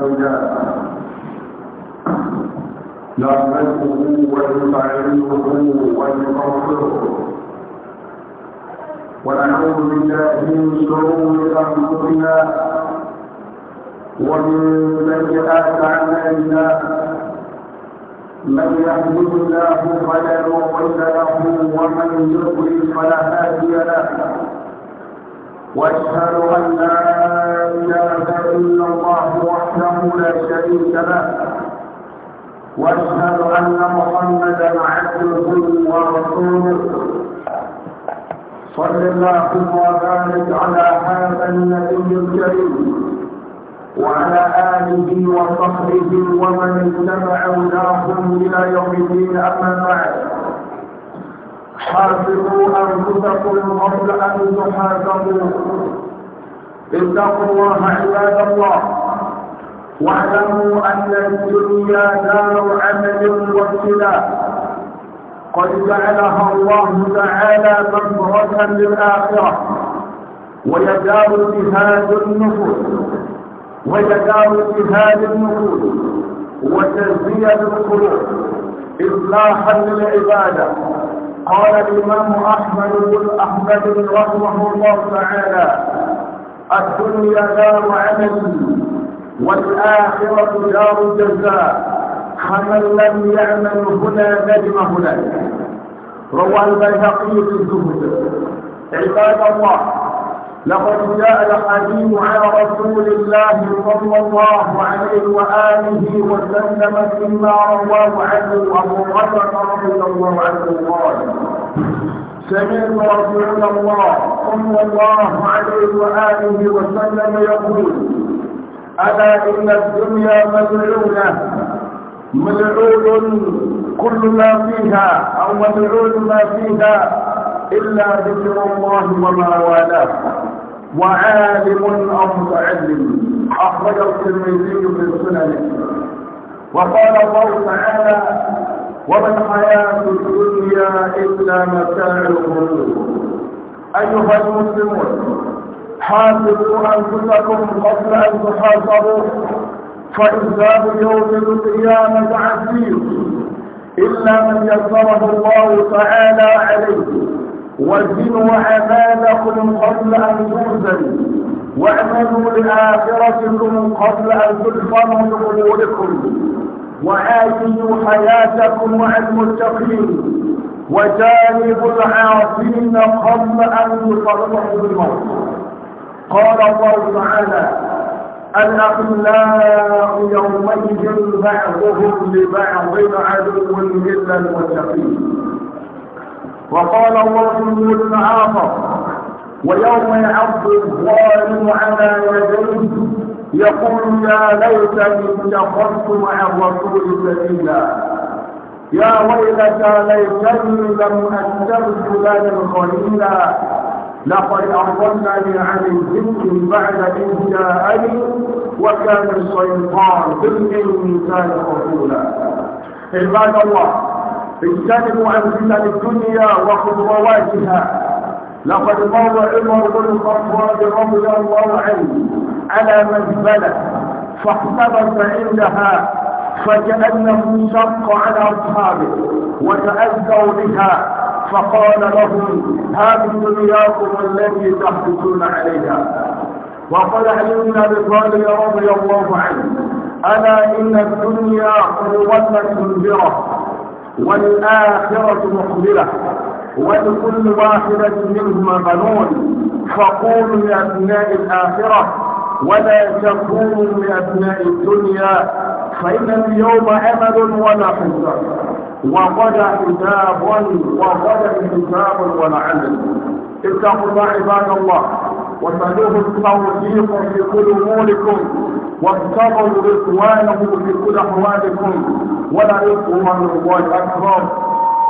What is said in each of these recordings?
نحمده ونستعينه ونستغفره ونعوذ بالله من شرور انفسنا ومن سيئات اعمالنا من يهده الله فلا مضل له ومن يضلل فلا هادي له واشهد ان لا اله الا الله وحده لا شريك له واشهد ان محمدا عبده ورسوله صلى الله وبارك على هذا النبي الكريم وعلى آله وصحبه ومن اتبع هداهم إلى يوم الدين أما بعد حاسبوا أنفسكم قبل أن تحاسبوا اتقوا الله عباد الله واعلموا أن الدنيا دار عمل وابتلاء قد جعلها الله تعالى مبرة للآخرة ويدار جهاد النفوس ويدار جهاد النفوس وتزكية القلوب إصلاحا للعبادة قال الإمام أحمد بن أحمد رحمه الله تعالى الدنيا دار عمل والآخرة دار جزاء فمن لم يعمل هنا ندم هناك روى البيهقي في الزهد عباد الله لقد جاء الحديث عن رسول الله صلى الله عليه وآله وسلم مما رواه عنه أبو بكر رضي الله عنه قال سمعت رسول الله صلى الله عليه وآله وسلم يقول ألا إن الدنيا ملعونة ملعون كل ما فيها أو ملعون ما فيها إلا ذكر الله وما والاه وعالم أو متعلم أخرجه الترمذي في سننه وقال الله تعالى وما الحياة الدنيا إلا متاع الغرور أيها المسلمون حاسبوا أنفسكم قبل أن تحاصروا فإذاب يوم القيامة عزيز إلا من يسره الله تعالى عليه وزنوا أعمالكم قبل أن توزن واعملوا لآخرتكم قبل أن تلقنوا بقبولكم وآتوا حياتكم مع المتقين وجانبوا العاصين قبل أن يصرفوا بالموت قال الله تعالى الأخلاء يومئذ بعضهم لبعض عدو إلا المتقين وقال الله تعالى ويوم يعض الظالم على يديه يقول يا ليتني اتخذت مع الرسول سبيلا يا ويلتى ليتني لم اتخذ فلانا خليلا لقد لي عن الذكر بعد ان جاءني وكان الشيطان بالانسان رسولا عباد الله اجتنبوا عن فتن الدنيا وخطواتها لقد مر عمر بن الخطاب رضي الله عنه على مزبله فاحتبس عندها فكانه شق على اصحابه وتاذوا بها فقال لهم هذه دنياكم التي تحدثون عليها وقد علمنا طالب رضي الله عنه الا ان الدنيا قوه كبيره والآخرة مقبلة ولكل واحدة منهما بنون فقولوا لأبناء الآخرة ولا تكونوا لأبناء الدنيا فإن اليوم أمل ولا حزن وغدا حساب وغدا حساب ولا عمل اتقوا الله عباد الله وسلوه التوفيق في كل اموركم واتقوا رضوانه في كل احوالكم ولا يبقوا من الله اكبر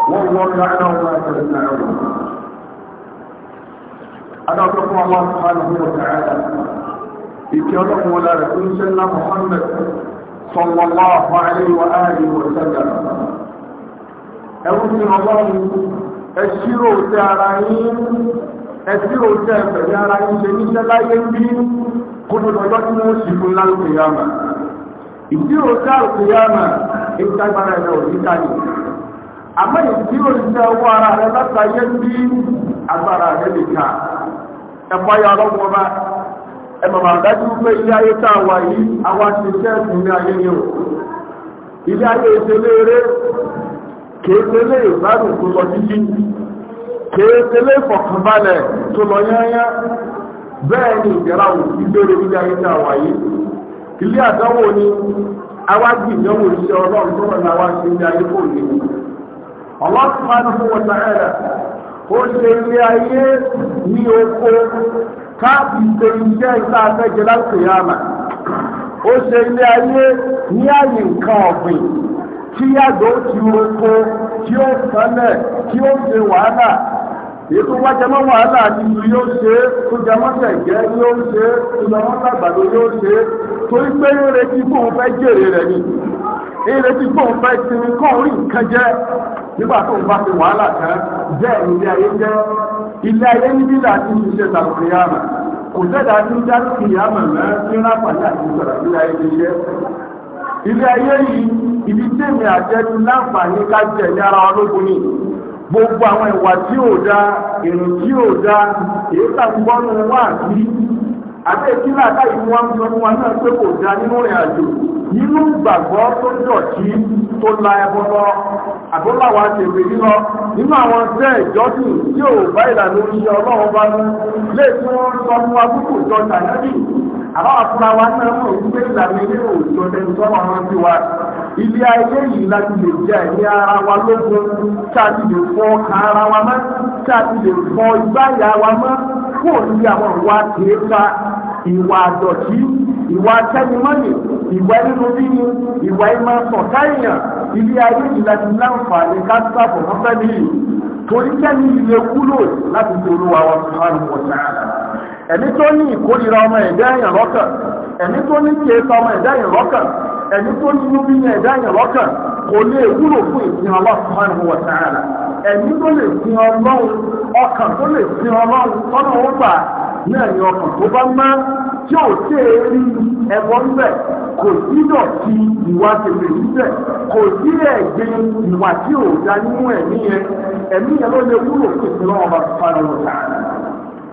والله يعلم ما تصنعون انا اتقوا الله سبحانه وتعالى اتقوا ولا رسول سيدنا محمد صلى الله عليه واله وسلم اوصي الله ọlọ́run ẹ̀ṣírò ẹtí òjò ẹ̀fẹ̀lẹ́ ara ń ṣe níṣẹ́ láyé bí kódòdọ́jọ́ tí wọ́n sì fún lálùkìyàmà ìdí òjò àlùkìyàmà ìtagbára ẹ̀rọ òníkà àmọ́ ìdí òjò ọwọ́ ara rẹ látàyé bí agbára rẹ lè ka ẹ̀fọ́ ya kéékèlé ìfọ̀kànbalẹ̀ tó lọ yányá bẹ́ẹ̀ ni ìjẹ́ra òfin lórí ilé ayé tí a wà yìí ilé àdánwò ni awájú ìdánwò iṣẹ́ ọlọ́run tó wọ̀n náà ṣe ilé ayé kò ní fún wọn sáyẹ̀dà ó ṣe ilé ayé ní oko káàbì ṣe iṣẹ́ ìta afẹ́jẹ láti yàmà ó ṣe ilé ayé ní àyè nǹkan ọ̀gbìn tí yàgò ti oko tí ó tí ó ṣe èyí tó wá jẹmọ́ wàhálà àti yóò ṣe tó jẹmọ́ tẹ̀gẹ́ yóò ṣe tó jẹmọ́ tàgbàdo yóò ṣe torí pé ń retí bóun fẹ́ jèrè rẹ̀ ni ń retí bóun fẹ́ sinmi kọ́ orí nǹkan jẹ́ nígbà tó ń bá ti wàhálà kan jẹ́ ayé jẹ́ ilé ayé kò sẹ́dá ń rápàdé àti ilé ayé ti jẹ́ ilé ayé yìí ibi tí èmi àjẹ́ ti láǹfààní ká jẹ̀ ní gbogbo àwọn ìwà tí ò dá ìrìn tí ò dá èyí tàbíbọ́nù wà sí àbẹ́ẹ̀kí láàká ìlú wọn sọ fún wa náà pé kò dá nínú rìn àjò nínú ìgbàgbọ́ tó dọ̀tí tó la ẹbọ lọ àbúláwà tèwé lílọ nínú àwọn tẹ́ ìjọ́sìn tí ò bá ìlànà oníṣẹ́ ọlọ́run bá mú lè tí wọ́n sọ fún wa jọ tàyẹ́bì àwọn àfúnra náà mọ̀ wípé ìlànà ilé òòjọ́ tẹ́lifọ́n àwọn tí wa ilé ayé yìí láti lè jẹ ẹ̀mí ara wa lógun káàdì lè fọ ọkàn ara wa mọ́ káàdì lè fọ ìgbáyà wa mọ́ kó ní àwọn ìwà kéèka ìwà àdọ̀tí ìwà tẹnumọ́nì ìwà nínú nínú ìwà ìmọ̀ sọ̀tá èèyàn ilé ayé yìí láti láǹfààní ká sábọ̀ mọ́fẹ́ nìyí torí kẹ́ni ilé kúlò láti fi olúwa wa subhanahu wa ta'ala ẹ̀mí tó ní ìkórìíra ọmọ ẹ̀dá èèyàn lọ́kàn ẹ̀mí tó ní kéèta ọmọ ẹ̀dá èèyàn lọ́kàn ẹ̀mí tó ní níbi yẹn ẹ̀dá yẹn lọ́kàn kò lè wúlò fún ìfihàn Allah subhanahu wa ta'ala ẹ̀mí tó lè fi ọlọ́run ọkàn tó lè fi ọlọ́run tọ́nà ó gbà náà ni ọkàn tó bá má tí ò tí ì rí ẹ̀bọ níbẹ̀ kò sí dọ̀tí ìwà tètè níbẹ̀ kò sí ẹ̀gbin ìwà tí ò dá nínú ẹ̀mí yẹn ẹ̀mí yẹn ló lè wúlò fún ìfihàn Allah subhanahu wa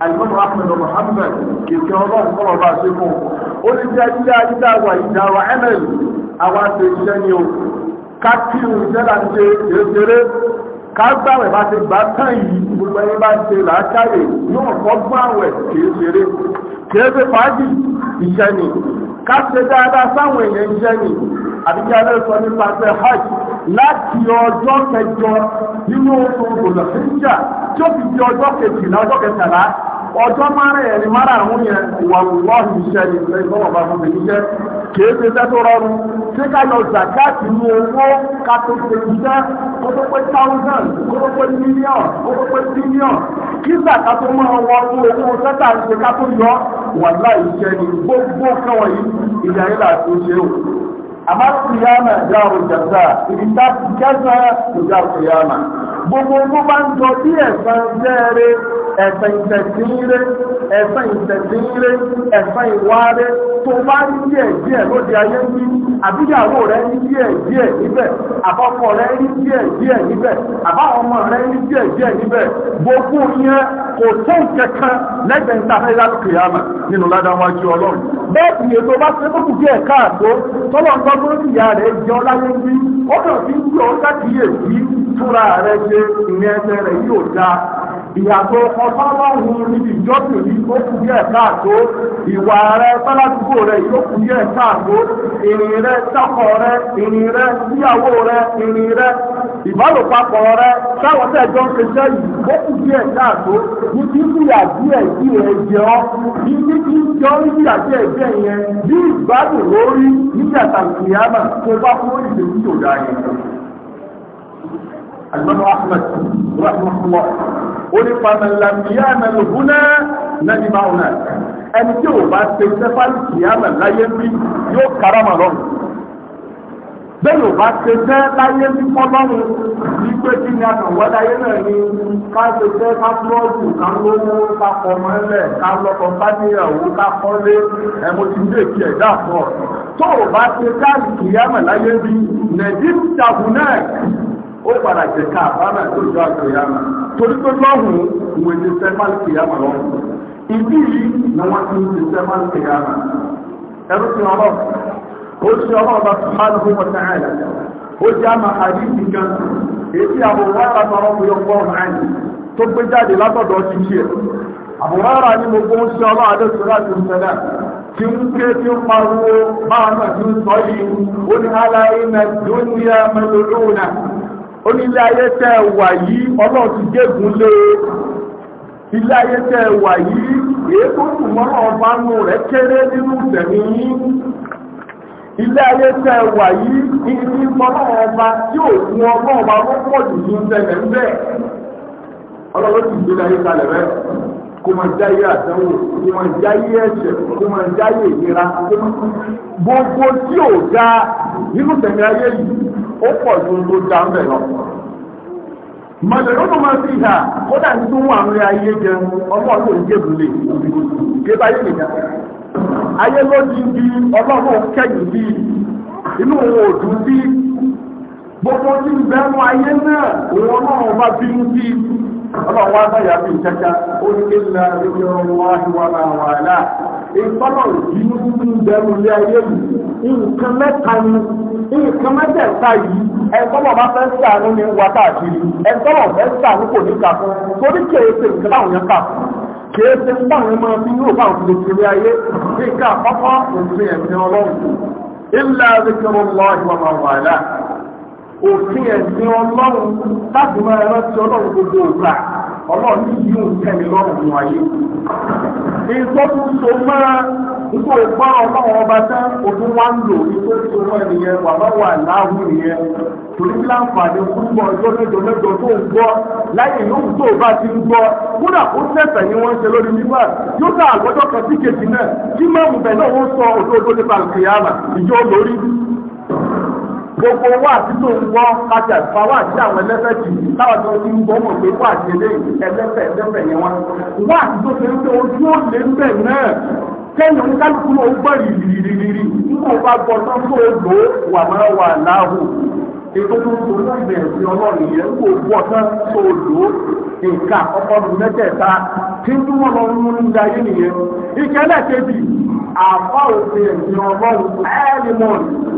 alimọ́nù ahmed muhammed kìkì ọlọ́run kọ́ ọba àṣekùn ó ní bí ajídá ajídá wà ìdá wa ml àwọn àti iṣẹ́ ni o ká kí irun iṣẹ́ là ń ṣe èsèré ká gbàwẹ̀ bá ti gbà tán yìí gbogbo ẹni bá ń ṣe làákàyè yóò kọ́ gbàwẹ̀ kì í ṣeré kì í ṣe fàájì iṣẹ́ ni ká ṣe dáadáa sáwọn èèyàn iṣẹ́ ni àbíkí alẹ́ sọ nípa pé hajj láti ọjọ́ kẹjọ nínú oṣù ògùnlọ̀ fíjà tí ó fi di ọjọ́ kejìlá ọjọ́ kẹtàlá ọjọ́ mara ẹni mara àwọn yẹn ìwà wọ́ọ̀hì iṣẹ́ ni ìfẹ́ ìfọwọ́ bá fún mi níṣẹ́ kìí ṣe iṣẹ́ tó rọrùn ṣé ká yọ zakati ní owó ká tó ṣe iṣẹ́ kó tó pé thousand kó tó pé million kó tó pé billion kí zaka tó máa wọ ọdún owó sẹ́tà ń ṣe ká tó yọ wàhálà iṣẹ́ ni gbogbo kẹwàá yìí ìdáyé làtúnṣe o àmọ́ kìyàmà ìjà òjàdá ìdíjà ìjàdá ìjà kìyàmà gbogbo tó bá ń jọ bí ẹ̀sán jẹ́rẹ́ ẹ̀sán ìtẹ̀síire ẹ̀sán ìtẹ̀síire ẹ̀sán ìwáre tó bá ń díẹ̀ díẹ̀ lóde ayé ń bí àbíyàwó rẹ̀ ń díẹ̀ díẹ̀ níbẹ̀ àbọ̀kọ̀ rẹ̀ ń díẹ̀ díẹ̀ níbẹ̀ àbáwọn ọmọ rẹ̀ ń díẹ̀ díẹ̀ níbẹ̀ gbogbo yẹn kò tó kẹkan lẹ́gbẹ̀ẹ́ ntàfẹ́ ìlànà kìyàmà nínú ládàwájú ọlọ́run bẹ́ẹ̀ ìyètò bá ṣe kókù díẹ̀ káàtó tọ́lọ́ tó ti yà rẹ̀ jọ láyé bí ó kàn sí ń jọ káàkiri èyí túra rẹ̀ ṣe ìyẹn ẹsẹ̀ rẹ̀ yóò da ìyàtọ̀ ọba ọlọ́run níbi ìjọ́sìn yìí ó kù díẹ̀ káàtó ìwà rẹ̀ sáládùúgbò rẹ̀ yóò kù díẹ̀ káàtó ìrìn rẹ̀ sákọ rẹ̀ ìrìn rẹ̀ síyàwó rẹ̀ ìrìn rẹ̀ ìbálòpapọ̀ rẹ̀ táwọn tẹ̀jọ́ ń ṣiṣẹ́ yìí ó kù díẹ̀ káàtó ní kí fìyà díẹ̀ díẹ̀ jẹ ọ́ ní kí kí jọ ń fìyà díẹ̀ yẹn bí ìgbádùn lórí nígbà àlùkìyàmà tó bá fún ìṣe tí ò dáa yẹn. alimami ahmed rahmatulah ó ní pàmẹ́lámìyà mẹ́lòkúnná náà ní báwọn náà ẹni tí ò bá ṣe sẹ́fà àlùkìyàmà láyé ń bí yóò káràmà lọ́rùn bẹ́ẹ̀ ò bá ṣe fẹ́ láyé ní fọ́lọ́run ní pé kí ni àtàwọ́ láyé náà ni ká ṣe fẹ́ ká búrọ́ọ̀dù ká lówó ká fọmọ ẹlẹ̀ ká lọ́kọ bá níyàwó ká kọ́lé ẹ̀mọ́ ti dé kí ẹ̀ dàpọ̀. tó o bá ṣe káàdì kìyàmọ̀ láyé bí nàìjíríà ìjàbù náà ó padà jẹ ká àbámẹ̀ tó jọ àkìyàmọ̀ torí pé lọ́hùn ìwé ti fẹ́ má kìyàmọ̀ lọ́hùn ìdí yìí ni wọ́n ti ń ti fẹ́ má kìyàmọ̀ ẹ̀rú ti ọlọ́run ó ṣe ọlọ́ọ̀bá subhanahu wa ta'ala ó jẹ́ àmà àdìsí kan èyí àbòwọ́ àtàrà ọmọ yọpọ̀ ọ̀hánì tó gbé jáde látọ̀dọ̀ ṣíṣe ẹ̀ àbòwọ́ ara ní gbogbo ń ṣe ọlọ́ àdéṣọ́lá ti ń tẹ̀lé tí ń ké tí ń pariwo máa náà ti ń sọ yìí ó ní aláyé na dúnìá mẹlòlóòna ó ní ilé ayé tẹ́ wà yìí ọlọ́ọ̀ ti gégùn lé ilé ayé tẹ́ wà yìí èyí tó dùn mọ́ ilé ayé tẹ wà yìí ibi ọlọ́wọ́ ọba tí ò fún ọlọ́wọ́ ọba ló pọ̀ jù ní sẹlẹ̀ ń bẹ́ẹ̀ ọlọ́wọ́ ti gbé láyé kalẹ̀ rẹ kó máa jáyé àtẹ̀wò kó máa jáyé ẹ̀ṣẹ̀ kó máa jáyé ìlera gbogbo tí ò ga nínú tẹ̀lé ayé yìí ó pọ̀ ju tó ń bẹ̀ lọ. máa fi hà kódà àwọn ayé jẹun ọmọ ọdún òbí ayé lójú bí ọlọ́run kẹ́yìn bí inú òun gbogbo tí ń ayé náà òun ọlọ́run bá bínú bí ọlọ́run wá bá yàgbé ìkẹ́kẹ́ ó ní kí ńlá ilé ọrùn wá ìwà máa wà náà ìfọ́nà ìbínú ilé ayé yìí nǹkan mẹ́ta ni nǹkan mẹ́tẹ̀ẹ̀ta yìí ẹ̀ńtọ́nà bá fẹ́ sàánú ni wà káàkiri ẹ̀ńtọ́nà fẹ́ kìí ṣe ń báwọn máa fi yóò bá òkú kiri ayé ní ká àpapọ̀ òfin ẹ̀mí ọlọ́run ilà àbíkẹ́rọ lọ́ọ̀dì wọn máa wà òfin ẹ̀mí ọlọ́run láti máa rántí ọlọ́run gbogbo òkúra ọlọ́run yóò tẹ̀lé lọ́rùn ayé. Ìjọ tó so máa nígbà ìgbọ́n ọlọ́run ọba tán òun wá ń lò nígbà tó wọ́n nìyẹn wà lọ́wọ́ àláhùn nìyẹn. Torí kí láǹfààní púpọ̀ ọjọ́ mẹ́jọ mẹ́jọ tó ń gbọ́ láyé yóò tó bá ti ń gbọ́. Kódà kó tẹ̀sẹ̀ ni wọ́n ń ṣe lórí nígbà yóò dá àgbọ́jọ́ kan sí kejì náà kí máàmù bẹ̀ náà ó sọ òdodo nípa àlùkìyàmà ìjọ lórí gbogbo wà títò ń wọ́ kájà ìfà wà sí àwọn ẹlẹ́fẹ̀ jù táwọn tó ti ń bọ́ mọ̀ pé wà sí eléyìí ẹlẹ́fẹ̀ ẹlẹ́fẹ̀ yẹn wọn. wà títò ṣe ń pé ojú ó lé ń bẹ̀ náà kẹ́yìn ń kálukú ló ń gbọ́ rìrìrìrì nígbà bá gbọ́ tán tó lò ó wà máa wà láàbò. ètò tó ń torí ìbẹ̀ sí ọlọ́run yẹn kò gbọ́ tán tó lò ó nǹka àkọ́kọ́ mi mẹ́tẹ̀ẹ̀ta kí n túmọ̀ lọ mú ní ayé nìyẹn. ìkẹ́lẹ̀ kejì àfáwòsè ẹ̀sìn ọlọ́run ẹ́ẹ́lì mọ́ọ̀nù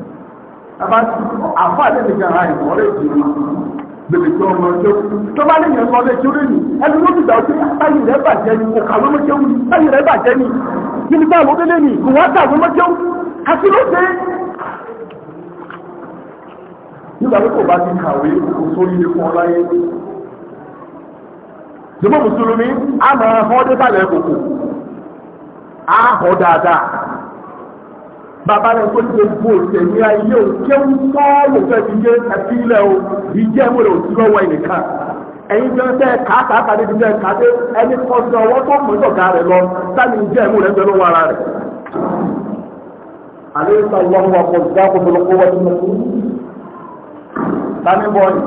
bàbá àfọ́ àtẹ́lẹ̀ jẹ́ ara ìwọ́lẹ̀ ìjìnlẹ̀ bèbè tó ọmọ ọjọ́ tó bá lẹ́yìn ọmọ ọdẹ tí ó lè nì ẹni ló ti gbà ó ti báyìí rẹ̀ bàjẹ́ ni kò kàwé mọ́jẹ́ wù báyìí rẹ̀ bàjẹ́ ni níbi tá àwọn ọdẹ nì kò wá kàwé mọ́jẹ́ wù àti ló dé. nígbà tó kò bá ti kàwé kò sórí ilé fún ọláyé jùmọ̀ mùsùlùmí bàbá rẹ̀ tó ti gbogbo òṣèlú ayé o kéwù sọ́ọ̀lù fẹ́ fi yé ẹ̀fí ilẹ̀ o ìjẹ́ ìwé rẹ̀ òsì lọ́wọ́ ẹnìkan ẹ̀yin jẹ́ ẹ̀ káàkà àkàdé ti jẹ́ kàdé ẹni kọ́sí ọwọ́ tó mọ̀ ìjọba rẹ̀ lọ sani ìjẹ́ ìwé rẹ̀ ń bẹ lọ́wọ́ ara rẹ̀. àlẹ́ ìsà wọn wà pọ̀ sí àkókò lọ́kọ́ wọ́n ti mọ̀ fún sani bọ́ọ̀lì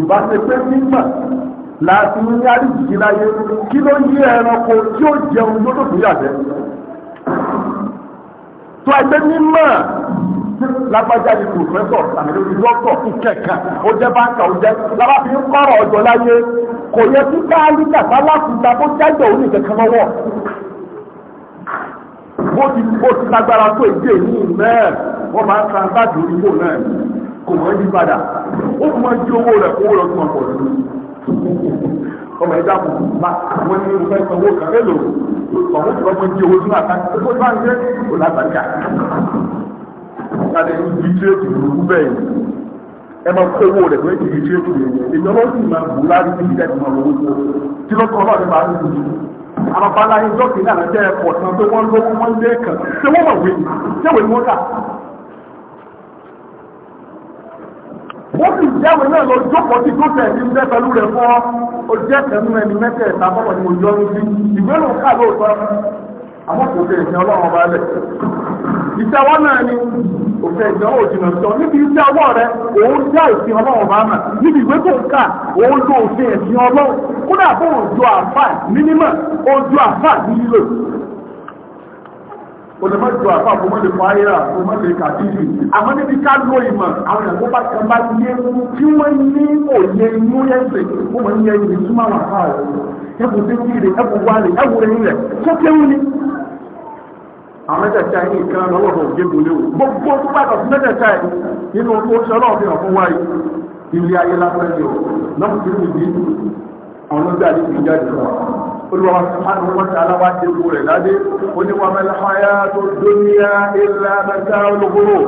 ìbáṣe pé mímà láti ní àríjì láyé tó ẹgbẹ́ mímọ́ lágbájá ni pòfẹ́sọ̀ tàbí lórí dọ́kítọ̀ fún kẹ̀kẹ́ ó jẹ́ báńkà ó jẹ́ lábá fi ń kọ́rọ̀ ọjọ́ láyé kò yẹ kí káàlì kàtà lákùúta tó jẹ́jọ́ òun nìkan kan lọ́wọ́ bó ti bó ti lágbára tó èdè ní mẹ́ẹ̀ wọ́n máa ń san báàgì onígbò náà kò mọ̀ ní padà ó kò mọ̀ ní owó rẹ̀ kó wọ́n lọ ọkọ̀ ọ̀dọ́ ọmọ ẹja kù bá wọn ní irúfẹ́ sanwó kan èlò ọ̀hún tí ọmọ ìdí owó sínú àkáǹtì tó bá ń gbé olàgbàjà. Láti ibi tí ètò ìlú bẹ́ẹ̀ ẹ máa kó owó rẹ̀ lórí ibi tí ètò ìlú ìjọba sì máa bù láti ibi tí ìjọba owó tó tí lọ́kọ̀ ọlọ́run máa ń lù àwọn abala ẹjọ́ kìíní àlàjẹ́ ẹ̀pọ̀ tí wọ́n lówó wọ́n lé kàn ṣé wọ́n mọ̀ wé ṣé wọ́n mọ̀ wọ́n sì jáwé náà lọ jókòó tí tó tẹ̀ ní bẹ́ẹ̀ pẹ̀lú rẹ̀ fọ́ o jẹ́ kẹ́nu ẹni mẹ́tẹ̀ ẹ̀ta bọ́ọ̀ ni mo yọ ní sí ìwé ló ká lóòótọ́ àmọ́ kò fẹ́ ìsìn ọlọ́run ọba lẹ̀ iṣẹ́ ọwọ́ náà ni òfin ìsìn ọwọ́ òjìnà sọ níbi iṣẹ́ ọwọ́ rẹ òun já ìsìn ọlọ́run ọba mà níbi ìwé tó ń kà òun lo òfin ìsìn ọlọ́run kódà bó òjò àfà mínímọ̀ òjò àfà nílò o lè má jọ àpá kó má lè fọ ayéra kó má lè kà bíbí àmọ́ níbi ká ló ìmọ̀ àwọn ìyàwó bá kan bá yé tí wọ́n ní òye inú ẹ̀sẹ̀ ó máa ń yẹ ìyè túmọ̀ àwọn àpá rẹ̀ ẹ̀kú tí kí rẹ̀ ẹ̀kú wá rẹ̀ ẹ̀wù rẹ̀ rẹ̀ tó kéwù ni. àwọn mẹ́tẹ̀ẹ̀ta yìí kan lọ́wọ́ bọ̀ gébù léwu gbogbo tó bá kọ̀ fún mẹ́tẹ̀ẹ̀ta yìí nínú oṣù ọlọ́ọ̀fin ọ̀fún wáyé olúwa sùpánù wọn ti aláwá ti kú rẹ̀ ládé ó ní wọn mẹ́lẹ́ fáyà tó dúnìyà ilẹ̀ mẹ́ta olókòrò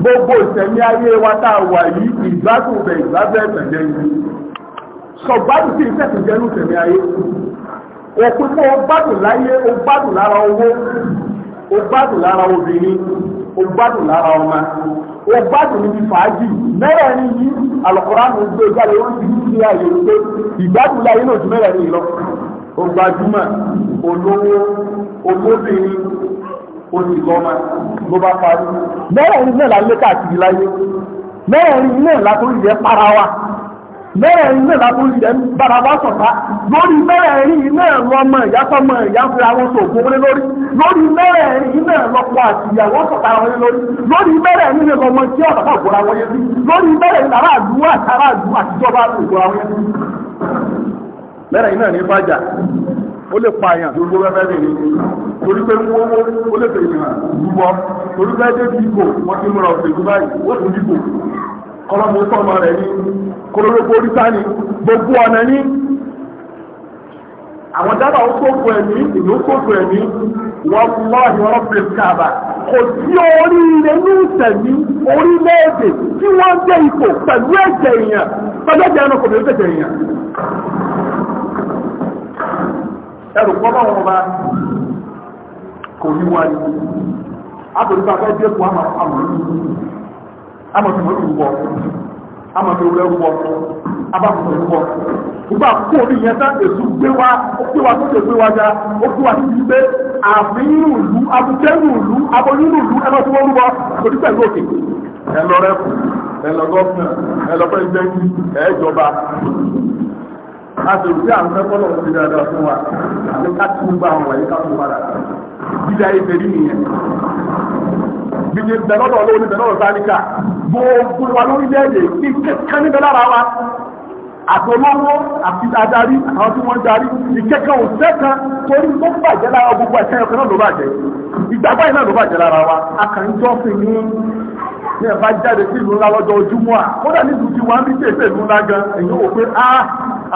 gbogbo ìṣẹ̀mí ayé wa tá a wà yìí ìgbádùn bẹ̀ ìgbádùn ẹ̀gbẹ̀jẹ̀ yìí sọ̀gbádùn sí ìṣẹ̀tù jẹ́nu ìṣẹ̀mí ayé òpin pé o láyé o lára owó o lára obìnrin o lára ọmọ wọ́n gbádùn níbi fàájì mẹ́rẹ̀ ní yí alùkùránù gbé jáde wọ́n ti kú sí ààyè pé ìgbádùn láyé lòdù mẹ́rẹ̀ ní ìlọ. ó gbajúmọ̀ olówó olóbìnrin olùlọ́mọ ló bá parí. mẹ́rẹ̀ ní náà la lé káàkiri láyé mẹ́rẹ̀ ní náà la tó yẹ para wa bẹ́ẹ̀ ní ìlàbú ilẹ̀ bàbá sọ̀tá lórí mẹ́rẹ̀ẹ̀rin náà lọ́mọ ìyásọ́mọ ìyáfẹ́ àwọn sògùn orí lórí lórí mẹ́rẹ̀ẹ̀rin náà lọ́pọ̀ àti ìyàwó sọ̀tá wọlé lórí lórí mẹ́rẹ̀ẹ̀rin náà lọ́mọ tí ọ̀tàkà ògbóra wọlé sí lórí mẹ́rẹ̀ẹ̀rin náà àdúrà àtàrà àdúrà àtijọba ògbóra wọlé sí. mẹ́rẹ̀ẹ̀rin náà ní fàjà ó lè pa àyàn tó gbówẹ́ fẹ́ bèrè torí pé wọ́n ó lè fèrè hàn rúbọ torí fẹ́ dé bí ibò wọ́n ti múra ọ̀sẹ̀ ìgbó báyìí wọ́n ti dìbò kọlọ́mù sọ̀mọ́ rẹ̀ ní kólórógbó oríta ní gbogbo ọ̀nà ní àwọn dábàá ó sófo ẹ̀mí ìlú sófo ẹ̀mí wọ́n lọ́ ìwọ́n pè káàbà kò sí oríire ní ìtẹ̀mí orílẹ̀-èdè tí wọ́n dé ipò pẹ̀lú ẹ̀jẹ̀ èèyàn pẹ̀lú ẹ̀jẹ̀ ẹranko pẹ̀lú ẹ̀jẹ̀ èèyàn ẹrù pọ́bọ̀ wọn bá kò ní wáyé amọ̀tòmọ̀tò rúbọ amọ̀tòmọ̀tò rúbọ abáfòmọ̀ rúbọ gbogbo àkókò orí yẹn sáà èso gbé wá ó gbé wá sókè gbé wá já ó gbé wá sí pé àfihàn ìlú abúkẹ́rù ìlú aboyún ìlú ẹgbẹ́ tó wọ́n rúbọ kò ní pẹ̀lú òkè ẹ lọ rẹ kù ẹ lọ gọ́ọ̀fù ẹ lọ fẹ́ jẹ́ kí ẹ jọba a sì rí àwọn ẹgbẹ́ lọ́wọ́ sí dáadáa fún wa àti ká tún gbà wọn wáyé ká tún padà dídá ìfẹ́ nìyẹn gbígbé bẹ̀lọ́dọ̀ olówó ní bẹ̀lọ́dọ̀ sáríkà gbogbo wa lórílẹ̀-èdè ní kẹ́kẹ́ níbẹ̀ lára wa àti olówó àti adarí àwọn tí wọ́n darí ìkẹ́kẹ́ ò sẹ́kan torí tó bàjẹ́ lára gbogbo ẹ̀kẹ́ ọ̀kan náà ló bàjẹ́ ìgbàgbọ́ yìí náà ló bàjẹ́ lára wa akànjọ́ fi ní ní ẹ̀bá jáde sí ìlú ńlá lọ́jọ́ ojúmọ́ à ó dà nílùú tí wọ́n á bí tètè ìlú ńlá gan èyí wò pé á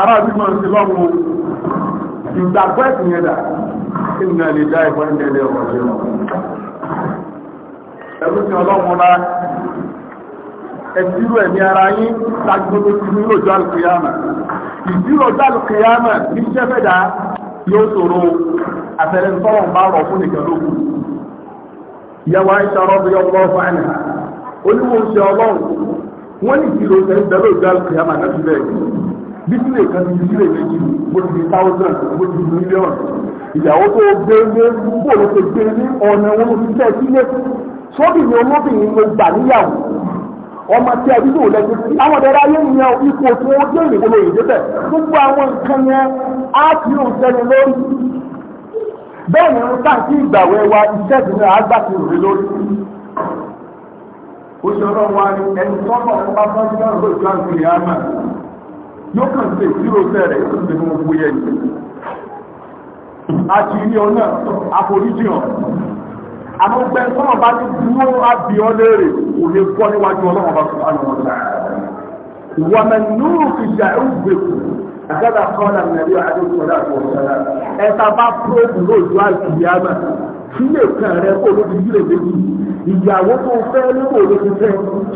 ará bí máa ń ṣe lọ́wọ́ ìgbàgbọ́ ẹ̀sìn yẹn dà kí ni a lè dá ìwọ́n ń tẹ̀lé ọ̀rọ̀ ẹ̀rú ti ọlọ́run bá ẹ̀sìrú ẹ̀mí ara yín lágbógbó ti ní lọ́jọ́ alùkìyàmà ìdílọ́ ọjọ́ alùkìyàmà ní sẹ́fẹ̀dá yóò ṣòro àfẹ́rẹ́ sọ́rọ̀ bá rọ̀ fún nìkan lókù ìyàwó àìsàn ọ̀rọ̀ bí ọgbọ́n fún àná oníwò ń ṣe ọlọ́run wọ́n ní ìdílọ́ ọjọ́ ìbẹ̀rẹ̀ ọjọ́ alùkìyàmà náà ti bẹ̀rẹ̀ bísílẹ̀ kan ti bísílẹ̀ méjì bó ti di thousand bó ti di million ìyàwó tó gbé ní ọ̀nà wọn ti tẹ̀ sílẹ̀ sóbìnrin olóbìnrin ló gbà níyàwó ọmọ tí ẹbí yóò lẹ́gbẹ̀ẹ́ sí àwọn ọ̀dọ́ ayé nìyẹn ipò tí wọ́n dé ìrìnwó lè dé bẹ̀ gbogbo àwọn nǹkan yẹn á ti rò sẹ́ni lórí bẹ́ẹ̀ ni ń tàǹtí ìgbàwẹ̀ wa iṣẹ́ ìdùnnú àgbà ti rò lórí òṣèrò wa ni ẹni tọ́lọ̀ ọba tọ́jú náà ló ìjọ àti ìyá náà yóò kàn ṣe ìṣirò bẹ̀rẹ̀ yóò ṣe fún gbogbo yẹn àti ilé ọ náà àforíjì hàn àmọ́ gbẹ́ sọ́nà bá ti dúró àbí ọ léèrè kò lè kọ́ níwájú ọlọ́run bá sọ́nà wọn dà. wàmẹ̀ nùrù fi jà ẹ̀ ń gbè kù àgbàdà kọ́ńdà nàbí àdókòrò àti ọ̀sẹ̀ rẹ̀ ẹ̀ ta bá púrò sílé kan rẹ kó ló ti yí òdodo ìyàwó tó fẹ́ ní kó ló ti fẹ́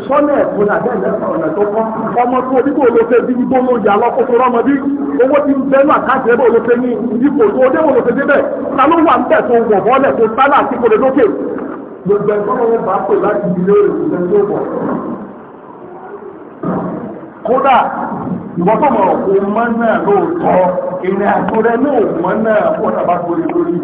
sọ́nà ẹ̀fọn àbẹ́ ẹ̀lẹ́fọn ọ̀nà tó kọ́ ọmọ tó ní kó ló fẹ́ bí igbó ló yà lọ kótó rọmọ bí owó ti ń bẹ́nu àkáǹtì ẹ̀bọ̀ ló fẹ́ ní ipò tó dé wò ló fẹ́ débẹ̀ ta ló wà níbẹ̀ tó wọ̀ bọ́lẹ̀ tó sálà àti kò lè lókè gbogbo ẹ̀kọ́ lọ́wọ́ bá pè láti ilé ìrìnà tó bọ̀ kódà ìwọ́tọ̀ mọ̀ òun mọ́ náà lóòótọ́ ìrìn àjò rẹ náà òun mọ́ náà wọ́n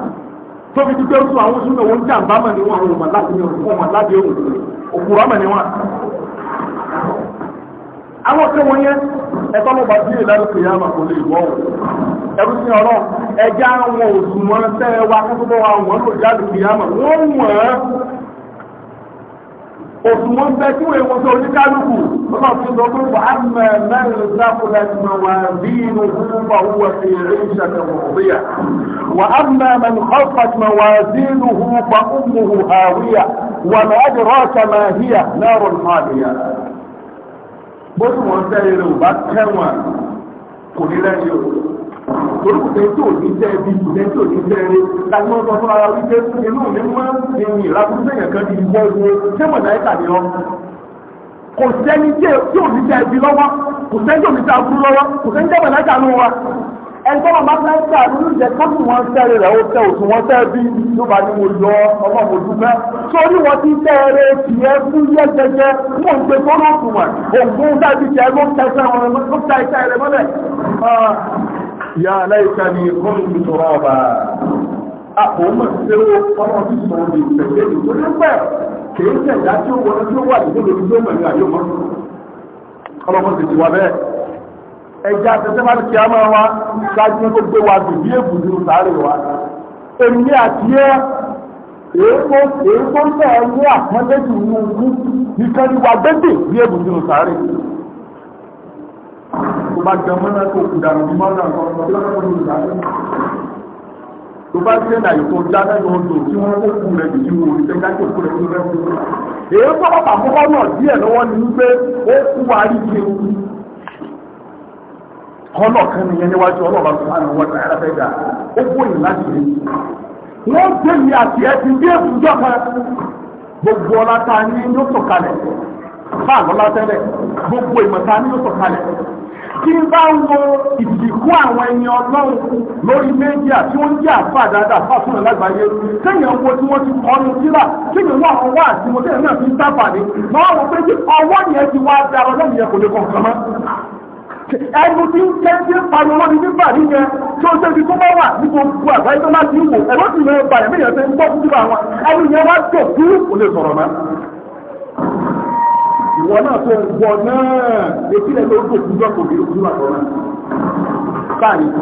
tóbi ti gbẹ́rù àwọn oṣù náà wọ́n jàǹbá mọ̀ ní wọn àwọn ọmọ láti ní ọmọ láti ọ̀hún òkúrọ̀ mọ̀ ní wọn. àwọn ọ̀sẹ̀ wọn yẹn ẹ̀tọ́ lọ́ba sí ìlànà kò yá àmàkò lè wọ́ ọ̀ ẹ̀rú sí ọ̀rọ̀ ẹja àwọn òṣùwọ̀n tẹ́ wa kẹ́kọ̀ọ́ wa wọ́n lò jáde kìyàmà wọ́n wọ̀n òṣùwọ̀n bẹ tí wọ́n èwọ̀n tó oníkálukú lọ́nà tó sọ pé wà á mẹ mẹ́rin sáfùlẹ̀ mọ̀ wà bí inú fún bá wúwà sí eré ìṣẹ̀lẹ̀ wọ̀wíyà wà á mẹ mẹ́rin kọ́fàt wà sí inú fún bá umuhu hàwíyà wà láàdì rọ́ọ̀kà máa híyà lẹ́rùn hàlìyà. bó ti wọ́n fẹ́ eré ò bá kẹ́wọ̀n kò ní lẹ́yìn o torí kò tẹ́ tí ò ní jẹ́ ibi kò tẹ́ tí ò ní jẹ́ eré láti wọ́n sọ fún ara wípé inú mi máa ń ṣe ní ìlàkúrú sẹ́yìn kan di ìwọ ìwọ ṣé mọ̀ náà kà ní ọ. kò sẹ́ni tí ò ní jẹ́ ibi lọ́wọ́ kò sẹ́ni tí ò ní jẹ́ aburú lọ́wọ́ kò sẹ́ni tí ò ní jẹ́ àánú wa. ẹgbẹ́ wọn bá fẹ́ gbà nínú ìjẹ́ kọ́sù wọn sẹ́rẹ̀ rẹ̀ ó tẹ òsùn wọn sẹ́ẹ̀ bí ya aláìka ni kọ́lùkù tọrọ ọba àkómọ̀ tí ó ọmọ tí sọ ní ìpẹ̀lẹ̀ ìlú nígbà kìí tẹ̀dá tí ó wọlé tí ó wà nínú lórí tí ó mọ̀ ní àjọ mọ́ ọlọ́mọ sì ti wà bẹ́ẹ̀ ẹja tẹ́tẹ́ bá ti kí á máa wá ṣáájú tó gbé wa dùn bí èbùdó sáré wa èmi àti ẹ́ èèkó èèkó ń tẹ̀ ẹ́ ní àpọ́nlẹ́jù ní ogun nìkan ni tó bá jẹ mọ́nà tó kù dànù bí mọ́nà tó ń lọ sí ọ̀nà tó bá jẹ́ náà yòókù dáná yóò lò tí wọ́n kó kú rẹ̀ jù wò ní sẹ́ńtà tó kú rẹ̀ tó rẹ̀ fún un. èyí tó bá kọ́kọ́ náà díẹ̀ lọ́wọ́ ni wípé ó kú wa rí ṣe wù. ọlọ́ kan nìyẹn níwájú ọlọ́ọ̀bá tó hàn wọ́n tàyà fẹ́ dà ó kú ìlú láti rí. wọ́n gbé mi àti ẹ ti dé èbújọ́ kan gbogbo ọlá ta ni yóò sọ̀kalẹ̀ bá àlọ́lá tẹ́lẹ̀ gbogbo ìmọ̀ta ní yóò sọ̀kalẹ̀ tí bá ń wo ìsìnkú àwọn ẹni ọlọ́run lórí méjìlá tí wọ́n jẹ́ àfà dáadáa fáfún ìlágbàáyé kéèyàn wo tí wọ́n ti kọ́nu sílà kéèyàn wọ́n àwọn wá àti wọ́n tẹ́lẹ̀ náà fi ń sáfàdé wọ́n wọ́n pé kí ọwọ́ yẹn ti wá da ọlọ́run yẹn kò lè kọ̀ọ̀kan mọ́ ẹnu tí ń jẹ́ tí ń pariwo lọ́dún nígbà níyẹn tí ó débi tó bá wà ní gbogbo àgbáyé tó má ti wò ẹ̀rọ sì lè bàyẹ̀ mí ìwọ náà tó ń wọ náà etí rẹ̀ ló ń dòkú jọ kò ní ojú àtọ̀ náà káàrí kú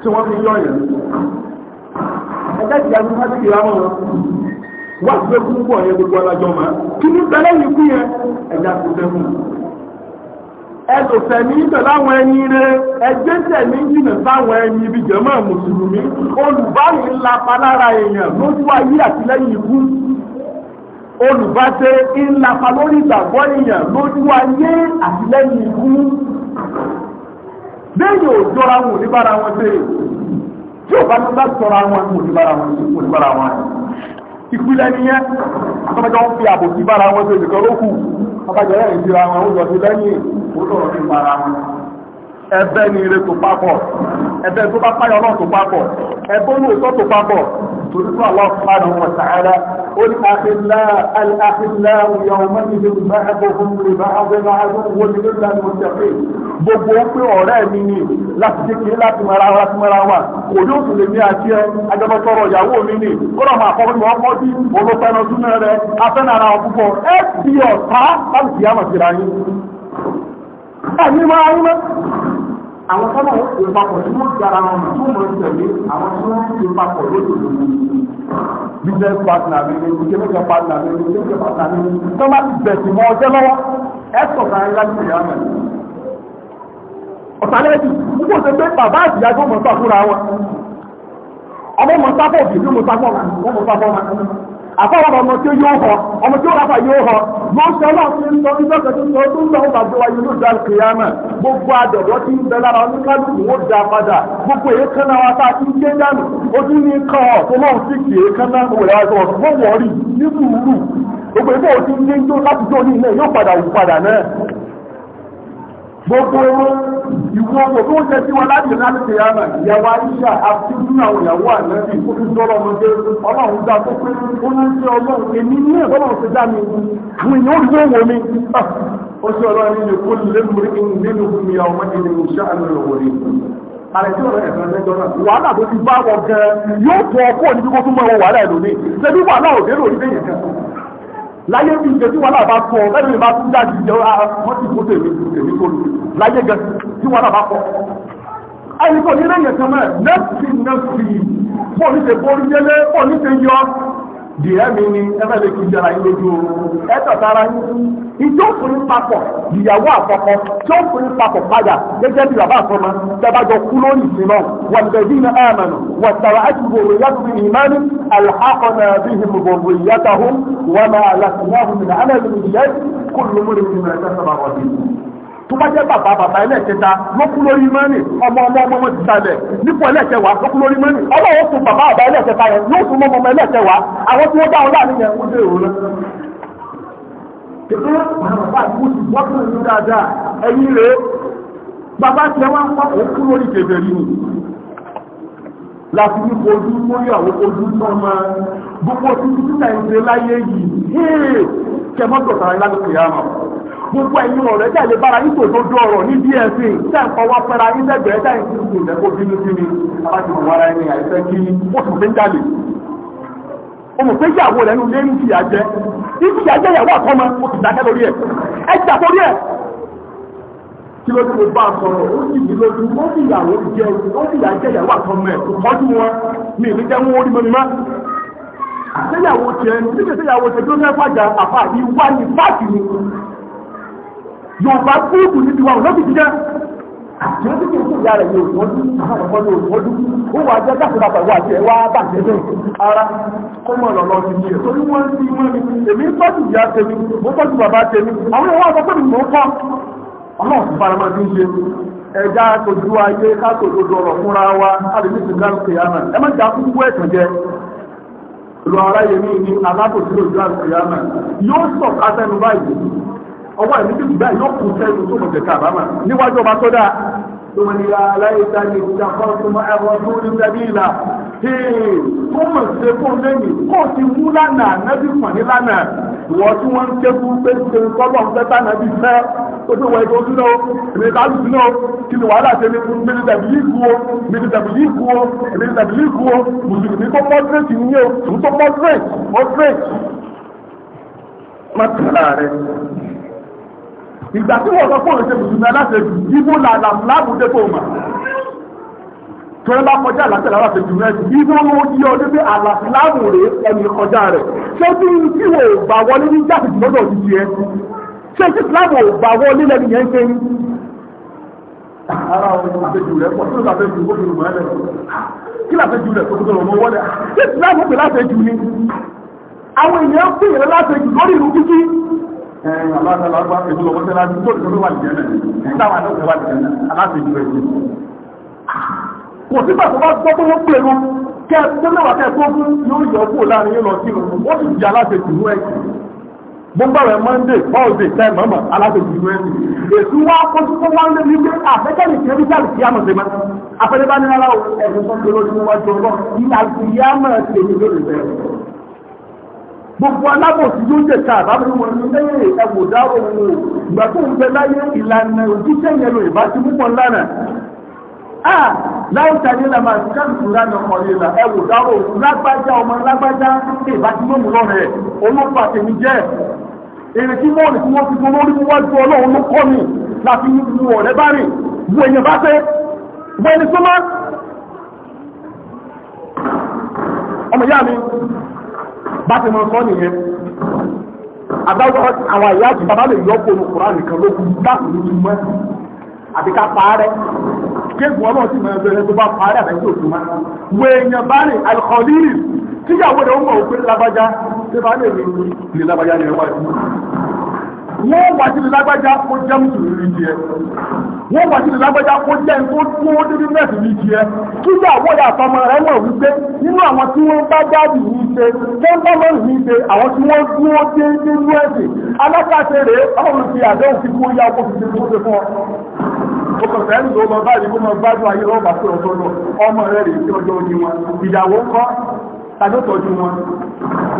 tí wọ́n fi yọ yẹn. ẹgbẹ́ ti yàtọ̀ láti kìlá mọ́ wọn wá sí ẹkún pọ̀ yẹn gbogbo alájọ máa kí ní bẹ́lẹ̀ yìí kú yẹn ẹ̀dá kò fẹ́kùn. ẹ̀dùn sẹ̀mí pẹ̀lú àwọn ẹni rẹ̀ ẹgbẹ́ sẹ̀mí jìnà sáwọn ẹni ibi jẹ̀mọ́ mùsùlùmí olùbáyìí ńlá palára èèyàn lójú ayé àtìlẹ́yìn ikú olùbáṣe ńlapa lórí ìgbàgbọ́ èèyàn lójú ayé àti lẹ́yìn ikú lẹ́yìn òjọra wọn oníbára wọn ṣe tí ò bá tó bá sọra wọn oníbára wọn ṣe oníbára wọn ìpìlẹ̀ nìyẹn àtọ́jọ́ ń fi àbòsí bára wọn ṣe nìkan lókù ọbàjẹ́ rẹ̀ ìdíra wọn ó lọ sí lẹ́yìn ó sọ̀rọ̀ sí ìbára wọn ẹbẹ́ ni ire tó papọ̀ ẹbẹ́ tó bá páyọ̀ náà tó papọ̀ ẹbọ́ ní òótọ́ tó papọ̀ torí fún àwọn ọ̀pánu wọn sàárà ó ní àfihàn àfihàn ìyàwó mẹ́rin ní bá ẹgbẹ́ fún mi bá ẹgbẹ́ bá ẹgbẹ́ wọn ní nílùú láti wọn tẹ̀lé gbogbo ó pé ọ̀rẹ́ mi ni láti kékeré láti mara wa láti mara wa kò ní oṣù lèmi àti ẹ agbẹmọsọrọ ìyàwó mi ni ó lọ máa kọ́kọ́ ní wọn kọ́ sí olófẹ́nà súnmọ́ rẹ afẹ́nà ara wọn púpọ̀ ẹ ti ọ̀tá láti fi àmọ̀ ẹ̀ ní wọ́n ayé àwọn sọ́nà ó papọ̀ tí wọ́n ti wọn tó mọ̀ tẹ̀lé àwọn tí wọ́n papọ̀ business partner mi ni partner mi ni partner mi ni mọ́ ọjọ́ lọ́wọ́ ìyá mẹ́rin. ṣe pé bàbá mọ̀ sáfúra wọn ọmọ mọ̀ sáfọ̀ afọrọ ọmọ tí ó yóò họ ọmọ tí ó ráfà yóò họ mọ sọlọ ti ń sọ nígbà tó tó ń sọ ọba wáyé ló dáa gbogbo àdọ̀dọ̀ tí ń bẹ lára ó da gbogbo wa a ti ń gé dànù ojú ní kọ́ ọ̀ tó lọ́n sì kì èékánná òwúrọ̀ àti ọ̀sùn ní sùúrù gbogbo òtún ní ìwọ kò tó ń jẹ sí wọn láti láti ṣe àmà ìyàwó àyíṣà àti nínú àwọn ìyàwó ànábì ó fi sọ̀rọ̀ ọmọdé ọlọ́run dá tó pé ó ń ṣe ọlọ́run èmi ní ẹ̀kọ́ náà dá mi àwọn èèyàn ló wọ mi. ó ṣe ọlọ́run ní kó lè múrí nínú mi àwọn ọmọdé ní iṣẹ́ àmì ìrọ̀wọ̀ rẹ̀. àrètí ọ̀rọ̀ ẹ̀fọn lẹ́jọ́ náà wàhálà tó ti bá wọn láyé bí ìgbé tí wọn náà bá kọ lẹ́yìn ìbá tún jáde ìjọ ah, wọn ti kó tèmi tèmi tó lù láyé gẹ tí wọn náà bá kọ. ẹni tó ní lẹ́yìn ẹ̀sán mẹ́rin nẹ́ẹ̀sì nẹ́ẹ̀sì pọ̀ ní ṣe borí délé pọ̀ ní ṣe yọ dìẹ́mi ni ẹgbẹ́ lè fi jẹrà yín lójú oorun ẹ̀tọ́ tara yín ìjọ òfin papọ̀ ìyàwó àkọ́kọ́ tí òfin papọ̀ padà gẹ́gẹ́ bí bàbá àfọmọ tẹ́bàjọ kú lórí ìsìn náà wọ́n tẹ̀lé ní ẹ̀mẹ̀nù wọ́n tẹ̀lé àjùbọ̀ òyàtò bí ìmáni alhàkọ́nà bí ìmùbọ̀ òyàtò wọn máa làkìyàwó mi tó bá jẹ́ bàbá bàbá ẹlẹ́ẹ̀kẹta ló kú lórí mẹ́rin ọmọ ọmọ ọmọ ti dalẹ̀ nípò ẹlẹ́ẹ̀kẹwàá ló kú lórí mẹ́rin ọlọ́wọ́ tún bàbá bàbá ẹlẹ́ẹ̀kẹta yẹn yóò tún mọ́mọ́ ẹlẹ́ẹ̀kẹwàá àwọn tí wọ́n dá wọn láàrin yẹn wọ́n dé òun lọ. bàbá tiẹ̀ wá ń lórí láti ní ojú mórí àwọn ojú sọmọ gbogbo títí tí nàìjíríà láyé yìí kẹmọ́tò tààrà lágbègbè àmọ́ gbogbo ẹ̀yin ọ̀rẹ́ tẹ̀ lé bára yín tó ní bnc tẹ̀ ń fọwọ́ pẹ́ra yín lẹ́gbẹ̀ẹ́ tẹ̀ ń kí kò jẹ́ kó bínú sí mi aláti mọ̀ wára ẹni àìfẹ́ kí ó sì fi ń jalè. ọmọ ìyàwó rẹ̀ lé ní ìyà jẹ́ ìyà jẹ́ ìyàwó àkọ́mọ ó sì dákẹ́ lórí ẹ̀ jà ẹ̀. kí ló bá a sọ̀rọ̀ yorùbá fúrúkù níbi wa lọ́bì jíjẹ́ àjẹ́ tó kéèké ìyá rẹ̀ yóò tọ́jú àwọn ọmọ yóò tọ́jú ó wà jẹ́ jáde bàbá bẹ́ẹ̀ ara lọ́lọ́ ti torí wọ́n ti ni èmi tọ́jú ìyá mo tọ́jú bàbá àwọn ń kọ́ ń ṣe ẹja ayé ká fúnra wa ní ẹ má ọwọ́ ẹ̀mí tí gbà yóò kù sẹ́yìn tó mọ̀jẹ̀ ká àbámà níwájú ọba tó dáa tó mọ̀ nílá aláìsá ní ìjà kan tó mọ ẹ̀rọ tó ní sẹ́bí ìlà kó mọ̀ ṣe fún lẹ́yìn kó o ti mú lánà nábì pọ̀n ní lánà ìwọ tí wọ́n ń ké fún pé ṣe ń kọ́ lọ́n fẹ́ tánà bí fẹ́ tó tó wọ ètò ojúná o èmi ká lùdúná o kí ni wàhálà ṣe ní fún mi ní tàbí yìí kú o mi ní tàbí yìí kú o èmi ní tàbí yìí kú o mùsùlùmí tó pọ́tírẹ́tì ní o tó pọ́tírẹ́tì pọ́tírẹ́tì. má tẹ̀lé ìgbà tí wọ́n sọ fún òṣèlú mùsùlùmí aláṣẹ ìbò làbùdé tó mà tó ń bá kọjá àlàṣẹ aláṣẹ jùlọ ẹ̀sìn ìbò ló yí ọdún pé àlàfíàmù rèé ẹni kọjá rẹ̀ ṣé tí n tí wò bá wọlé ní jáde jùlọ lọ sí tiẹ̀ ṣé tí ìsìlámù ò bá wọlé lẹ́nu yẹn ṣe ń ara ọmọ àfẹ́jù rẹ̀ pọ̀ tí ó láfẹ́jù gómìnà mọ́ ẹlẹ́rọ kí láfẹ́jù rẹ̀ tó gbọ́dọ̀ mọ́ wọlé ṣé ìsìlámù pè láfẹ́jù ni àwọn ènìyàn aláàtàlá ọgbà ìlú ọgbà tẹ́lá tó ìṣòro wà nìyẹn náà táwọn àdókòó wà nìyẹn náà aláàtì ìlú ẹ̀jẹ̀. kò sí pàtó bá gbọ́ pé wọ́n pè wọn kẹ́ ẹ tó lẹ́wà kẹ́ ẹ tó fún yóò yọ kúrò láàrin yóò lọ sí ìrùn wọ́n sì di aláṣẹ ìlú ẹ̀jẹ̀. gbogbo rẹ̀ monday thursday tẹ́ mọ̀mọ́ aláṣẹ ìlú ẹ̀jẹ̀. èsì wá kótó tó wá lé ní pé àfẹ́kẹ́lì kẹ́rí jáde kí á mọ̀ sí ma. afẹ́lẹ́ bá ní gbogbo alábòsí ló jẹ ká àbábọ̀ wọn ní lẹ́yìn ẹwò dárò wọn o ìgbà tó ń bẹ láyé ìlànà òjíṣẹ́ yẹn lò ìbá ti púpọ̀ lánà a láìta ní la máa ṣiṣẹ́ ìṣúra ní ọmọ yìí la ẹwò dárò lágbájá ọmọ lágbájá ìbá ti mọ̀ mú lọ́rẹ̀ olóko àtẹ̀mí jẹ́ èrè tí mọ́ọ̀lì tí wọ́n ti gbọ́ lórí wájú ọlọ́run ló kọ́ mi láti mú ọ̀rẹ́ bá rìn wo èèyàn bá fẹ́ wọ ẹni tó má ọmọ ìyá mi bá ti mọ̀ sọ nìyẹn àbájọ àwọn àyà àti bàbá lè yọ kó lókùnrin ànìkan ló kú dáàbò ló ti mọ ẹ àti ká parẹ́ kéèkù ọlọ́run sì máa bẹ̀rẹ̀ tó bá parẹ́ àbẹ̀tí òtún máa wọ èèyàn bá rìn alkọ̀ọ́lì tíyàwó rẹ̀ ó mọ̀ òpin lábájá tí bá lè rìn lè lábájá ní ẹwà ìlú wọ́n wà sí lágbájá kó jẹ́ mùsùlùmí ní tiẹ̀ wọ́n wà sí lágbájá kó jẹ́ tó tún ó dídí mẹ́sì ní tiẹ̀ kí ló àwọn ọ̀dà àtọmọ rẹ̀ mọ̀ wípé nínú àwọn tí wọ́n bá jáde ní ṣe tó ń bá mọ́rin ní ṣe àwọn tí wọ́n tún ó dé nínú ẹ̀sìn alákàṣe rẹ̀ ọlọ́run fi àdéhùn fi kó yá ọkọ̀ fi ṣe fún ọ ọkọ̀ fẹ́ẹ́rì ló lọ báyìí kó mọ gbádùn ayé lọ́ọ̀bà pé ọjọ́ lọ ọmọ rẹ̀ rèé sí ọjọ́ oní wọn ìyàwó ń kọ́ tàbí tọ́jú wọn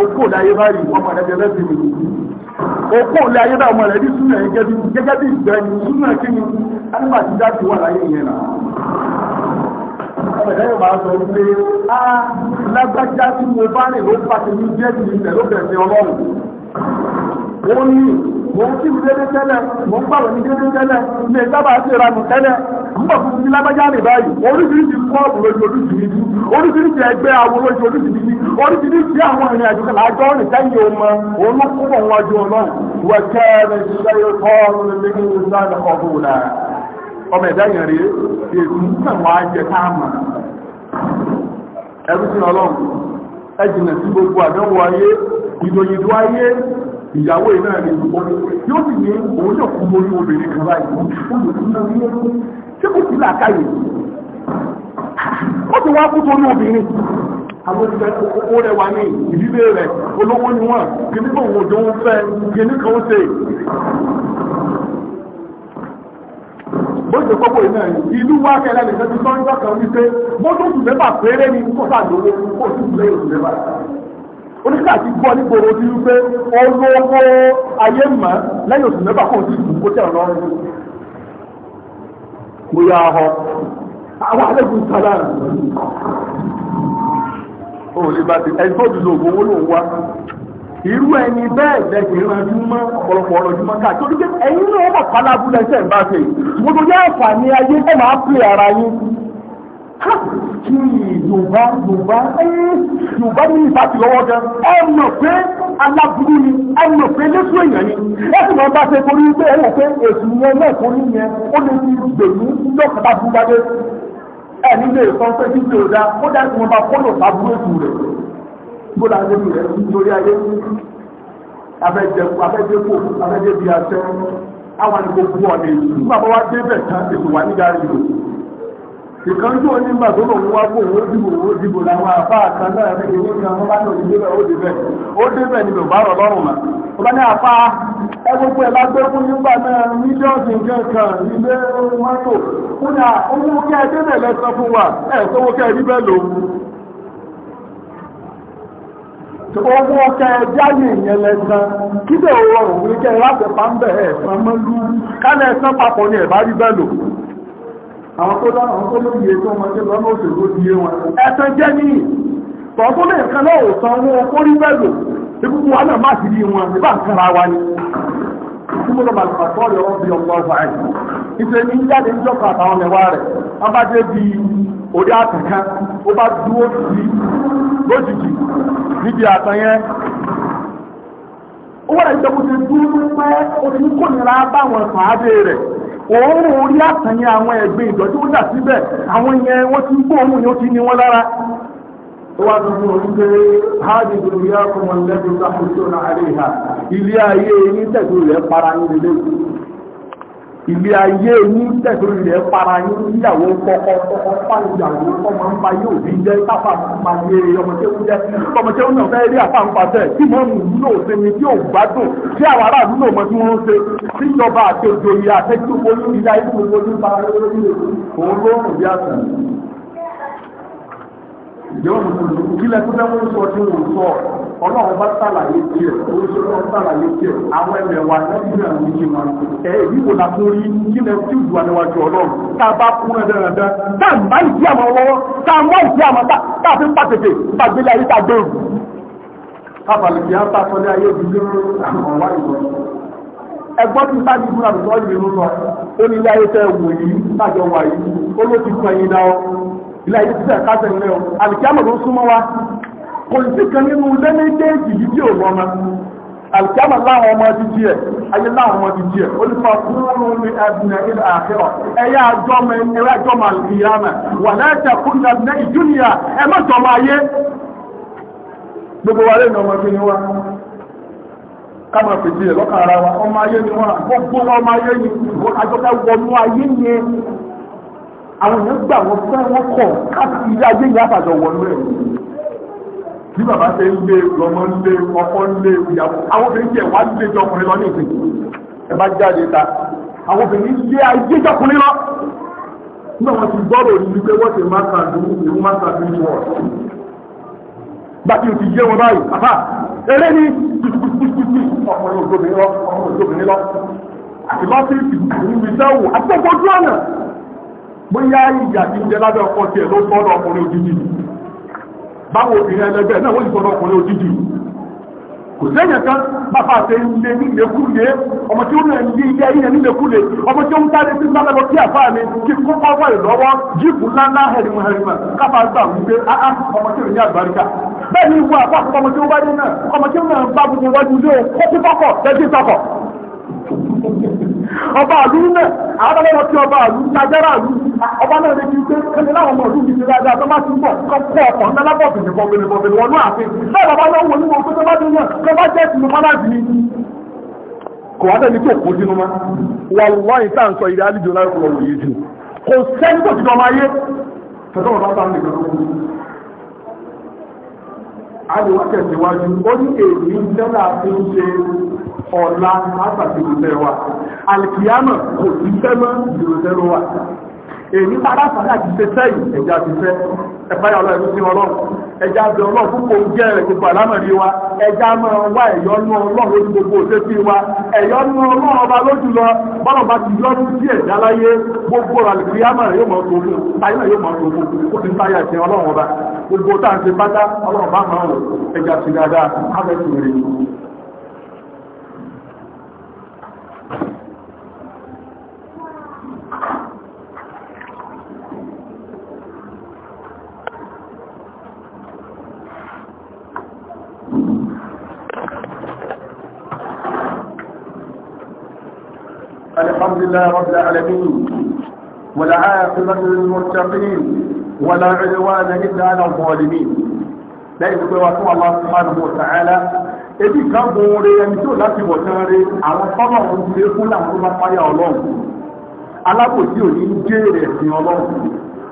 okó láyé báyìí wọ́n padà jẹ lẹ́sìn mi okó láyé báyìí ọmọ rẹ̀ ní súnà yìí gẹ́gẹ́ bí ìgbẹ́ni súnà kí ni alúgbà ti dájú wà láyé yẹn náà ọmọdé yóò máa sọ pé á lágbájá tí mo bá rìn ló pàṣẹ ní jẹ́ ti ilẹ̀ ló òun ni mò ń kíkù dédé tẹ́lẹ̀ mò ń pàwọ̀ ní dédé tẹ́lẹ̀ ní ìsábà àti ìranù tẹ́lẹ̀ ń bọ̀ fún mi lágbájá rè báyìí oríṣiríṣi kọ́ọ̀bù lójú oríṣiríṣi oríṣiríṣi ẹgbẹ́ awo lójú oríṣiríṣi oríṣiríṣi àwọn ìrìn àjò kan àjọ rìn sẹ́yìn òun ló wọn ju ṣiṣẹ́ yóò tọ́ ẹjìnà sí gbogbo àdánwò ayé ìdòyìdò ayé ìyàwó iná ní gbogbo yóò sì ní òun yóò kú borí obìnrin kan báyìí tí kò sí làákàyè ó ti wá kú torí obìnrin àwọn ìfẹ́ owó rẹ̀ wà ní ìdílé rẹ̀ olówó ni wọ́n kìnnìkan òun òjò ń fẹ́ kìnnìkan ó ṣe bójú pọ́pọ́ iná yìí ìlú wa kẹlẹ́ lè fẹ́ẹ́ tán ìjọ kan wípé mọ́tò tù lẹ́bà péré ni kó sàdóore kó sì tù lẹ́yìn lẹ́bà. oníkà ti gbọ́ ní gbòòrò ti wípé olówó ayé mọ̀ lẹ́yìn oṣù lẹ́bà kó sì tù kó tẹ̀ lọ́rùn. mo yà ọ àwọn àlejò sábà òòlì bàtì ẹgbẹ́ òdùnnú ògbówó ló ń wá. irú ẹni bẹ́ẹ̀ lẹ́sìn ìran ojúmọ́ ọ̀pọ̀lọpọ̀ ọ̀rọ̀ ojúmọ́ káà torí pé ẹ̀yin náà wọ́n kọ́ alábúlé ń bá ṣe ayé ẹ̀ máa pè ara yín. kí yorùbá yorùbá yorùbá ní lọ́wọ́ gan pé ni pé lẹ́sùn èèyàn ni sì máa bá ṣe torí pé pé èsì yẹn ó lè fi gbèmí bóla níbi rẹ̀ nítorí ayé abẹ́jẹ̀kù abẹ́jẹ̀kù abẹ́jẹ̀bi àṣẹ àwọn àdìgbò bu ọ̀nà èyí nígbà wá dé tán ètò wà ní gàrí o ìkan tó ní ìgbà tó lòun wá gbòòrò dìbò owó dìbò náà ní ìwé bá ní ó débẹ̀ ó débẹ̀ lọ́rùn mà ní àpá fún nígbà náà owó kẹjáyé yẹn lẹ́sàn kíbẹ̀ rọrùn ní kẹ́ láti pa ń bẹ̀ ẹ̀sàn mọ́lú kálẹ̀ papọ̀ ní ẹ̀bá rí bẹ́ẹ̀ lò àwọn tó dára tó lóye tó ọmọdé lọ́nà òṣèlú di yé wọn jẹ́ ní náà ò san owó rí bẹ́ẹ̀ lò ikúkú wa náà má sì rí wọn nígbà ra wa ni níbi àtàn yẹn ó wà lẹ́yìn tó ti dúró pẹ́ ó ti kò nira báwọn fàádé rẹ̀ òórùn orí àwọn ẹ̀gbin ìdọ̀tí ó dà síbẹ̀ àwọn yẹn wọ́n ti gbóòórùn yóò ti ní wọn lára wá tuntun oníṣe háàdì ilé ayé yín rẹ̀ para ìgbé ayé yín tẹ̀síwò ilẹ̀ para yín níyàwó kọ́kọ́ kọ́kọ́ fáyàwó ọmọ ń pa yóò ní jẹ́ sáfà máa yé ọmọdéwú jẹ́ ọmọdéwú náà fẹ́ rí àtàǹpàṣẹ tí wọ́n mú wúlò sinmi tí ò gbádùn tí àwọn aráàlú náà mọ tí wọ́n ń ṣe tíjọba àti òjòyè àtẹ́jú olú ilé ayé tó wọlé para lórí òun ló rùn bí àtàǹpàṣẹ ìjọba mùsùlùmí kílẹ̀ tó fẹ́ wọ́n sọ tí wọ́n sọ ọlọ́run bá sàlàyé tiẹ̀ oníṣòwò sàlàyé tiẹ̀ àwọn ẹ̀mẹ̀ wa nàìjíríà ń ṣe wọn. ẹ èyí wò la tó rí kílẹ̀ tí ìlú àníwájú ọlọ́run tá a bá kún ẹ dandan tá a bá ìdí àmọ́ lọ́wọ́ tá a mọ́ ìdí àmọ́ tá a fi ń pa tètè bá gbélé ayé tá a gbé òkú. kábàlìkì á sàtọ́ ní ayé ìdílé àwọn wáyé wọn ẹgbọ́n tí sáà dìbò àbùsọ̀ yìí ló lọ ó ní ilé ayé tẹ́ wò yìí lájọ wà yìí ó ló ti ilé ayé títẹ̀ kásẹ̀ ilé o súnmọ́ wa kò sí kan nínú ilé méjèèjì yìí tí ò wọ́n ma alìkíámọ̀ láwọn ọmọ ti tiẹ̀ ayé láwọn ọmọ ti tiẹ̀ ó ní fa kúrú ní ẹ̀dùnà ilẹ̀ àkẹ́rọ̀ ẹ̀yà àjọmọ̀ ẹ̀yà àjọmọ̀ alìkíámọ̀ wà láyàtà kúrú ní ẹ̀dùnà ìjúnìyà gbogbo wa ọmọ kí àwọn èèyàn gbà wọ́n fẹ́ wọ́n kọ̀ káàkiri ilé ayé yẹn àtàjọ wọ̀ lórí ẹ̀ bí bàbá ṣe ń lé lọmọ ń lé ọkọ ń lé ìyàwó àwọn obìnrin tiẹ̀ wá lé jọkùnrin lọ ní ìsìn ẹ bá jáde ta àwọn obìnrin lé ayé jọkùnrin lọ nígbà wọn ti gbọ́rọ̀ ní wípé wọ́n ti máa kàn dùn ìwú máa kàn dùn ìwọ̀ bàtí o ti yé wọn báyìí àbá eré ní ọkùnrin òjòbìnrin lọ ọkùnrin òjòbìnrin lọ àti ọgbọ́n bóyá ìyà ti jẹ lábẹ́ ọkọ tiẹ̀ ló sọ́dọ̀ ọkùnrin òjijì báwo obìnrin ẹlẹgbẹ́ náà wọ́n ti sọ́dọ̀ ọkùnrin òjijì kò kan bàbá àti ilé nílẹ̀kúlé ọmọ tí ó rẹ̀ ní ilé ayé ọmọ tí ó ń sí kí àfáà kí lọ́wọ́ jíìpù ọba àlú náà àwọn ọmọ tí ọba àlú tajẹ́rà àlú ọba náà lè fi pé ẹni láwọn ọmọ ìlú mi ti dáadáa tó bá ti bọ̀ kọ́ ọ̀pọ̀ ńlẹ́lábọ̀ bìbì bọ̀bìbì bọ̀bìbì wọnú àfin bẹ́ẹ̀ bàbá náà wọnú wọn pé tó bá dé náà tó bá jẹ́ ìsinmi fáláàdì ni kò wá sẹ́ni tó kó sínú ma wà lọ́yìn tá à ń sọ ìdá àlejò láì kọ̀ wòye jù kò sẹ́ni tó ti dọ̀ máa yé tẹ̀sán ọ̀dọ́ àdìwọ́ tẹ̀síwájú ó ní èyí tẹ́lá fi ń ṣe ọ̀la látàkì ìṣẹ́ wa alìkìyàmọ̀ èyí padà sàdá ti ṣe sẹ́yìn ẹ̀já ti fẹ́ ẹ̀fáyà ọlọ́run sí ọlọ́run ẹ̀já bẹ ọlọ́run púpọ̀ ń jẹ́ ẹ̀rẹ̀ gbogbo àlámọ̀rí wa ẹ̀já máa wá ẹ̀yọ́nú ọlọ́run lójú gbogbo òṣèṣì wa ẹ̀yọ́nú ọlọ́run ọba lójú lọ bọ́lọ̀ bá ti yọ́nú sí ẹ̀já láyé gbogbo àlùfíàmọ̀ yóò mọ̀ tó fún táyà yóò mọ̀ tó fún الحمد لله رب العالمين والعاقبة للمتقين ولا عدوان إلا على الظالمين lẹ́yìn tó pé wá fún Allah subhanahu wa ta'ala ebi kan bo ore ẹni tó láti wọ̀ tán re àwọn tọ́lọ̀ ń gbé fún làwọn tó bá páyà ọlọ́run alábòsí ò ní jèrè ẹ̀sìn ọlọ́run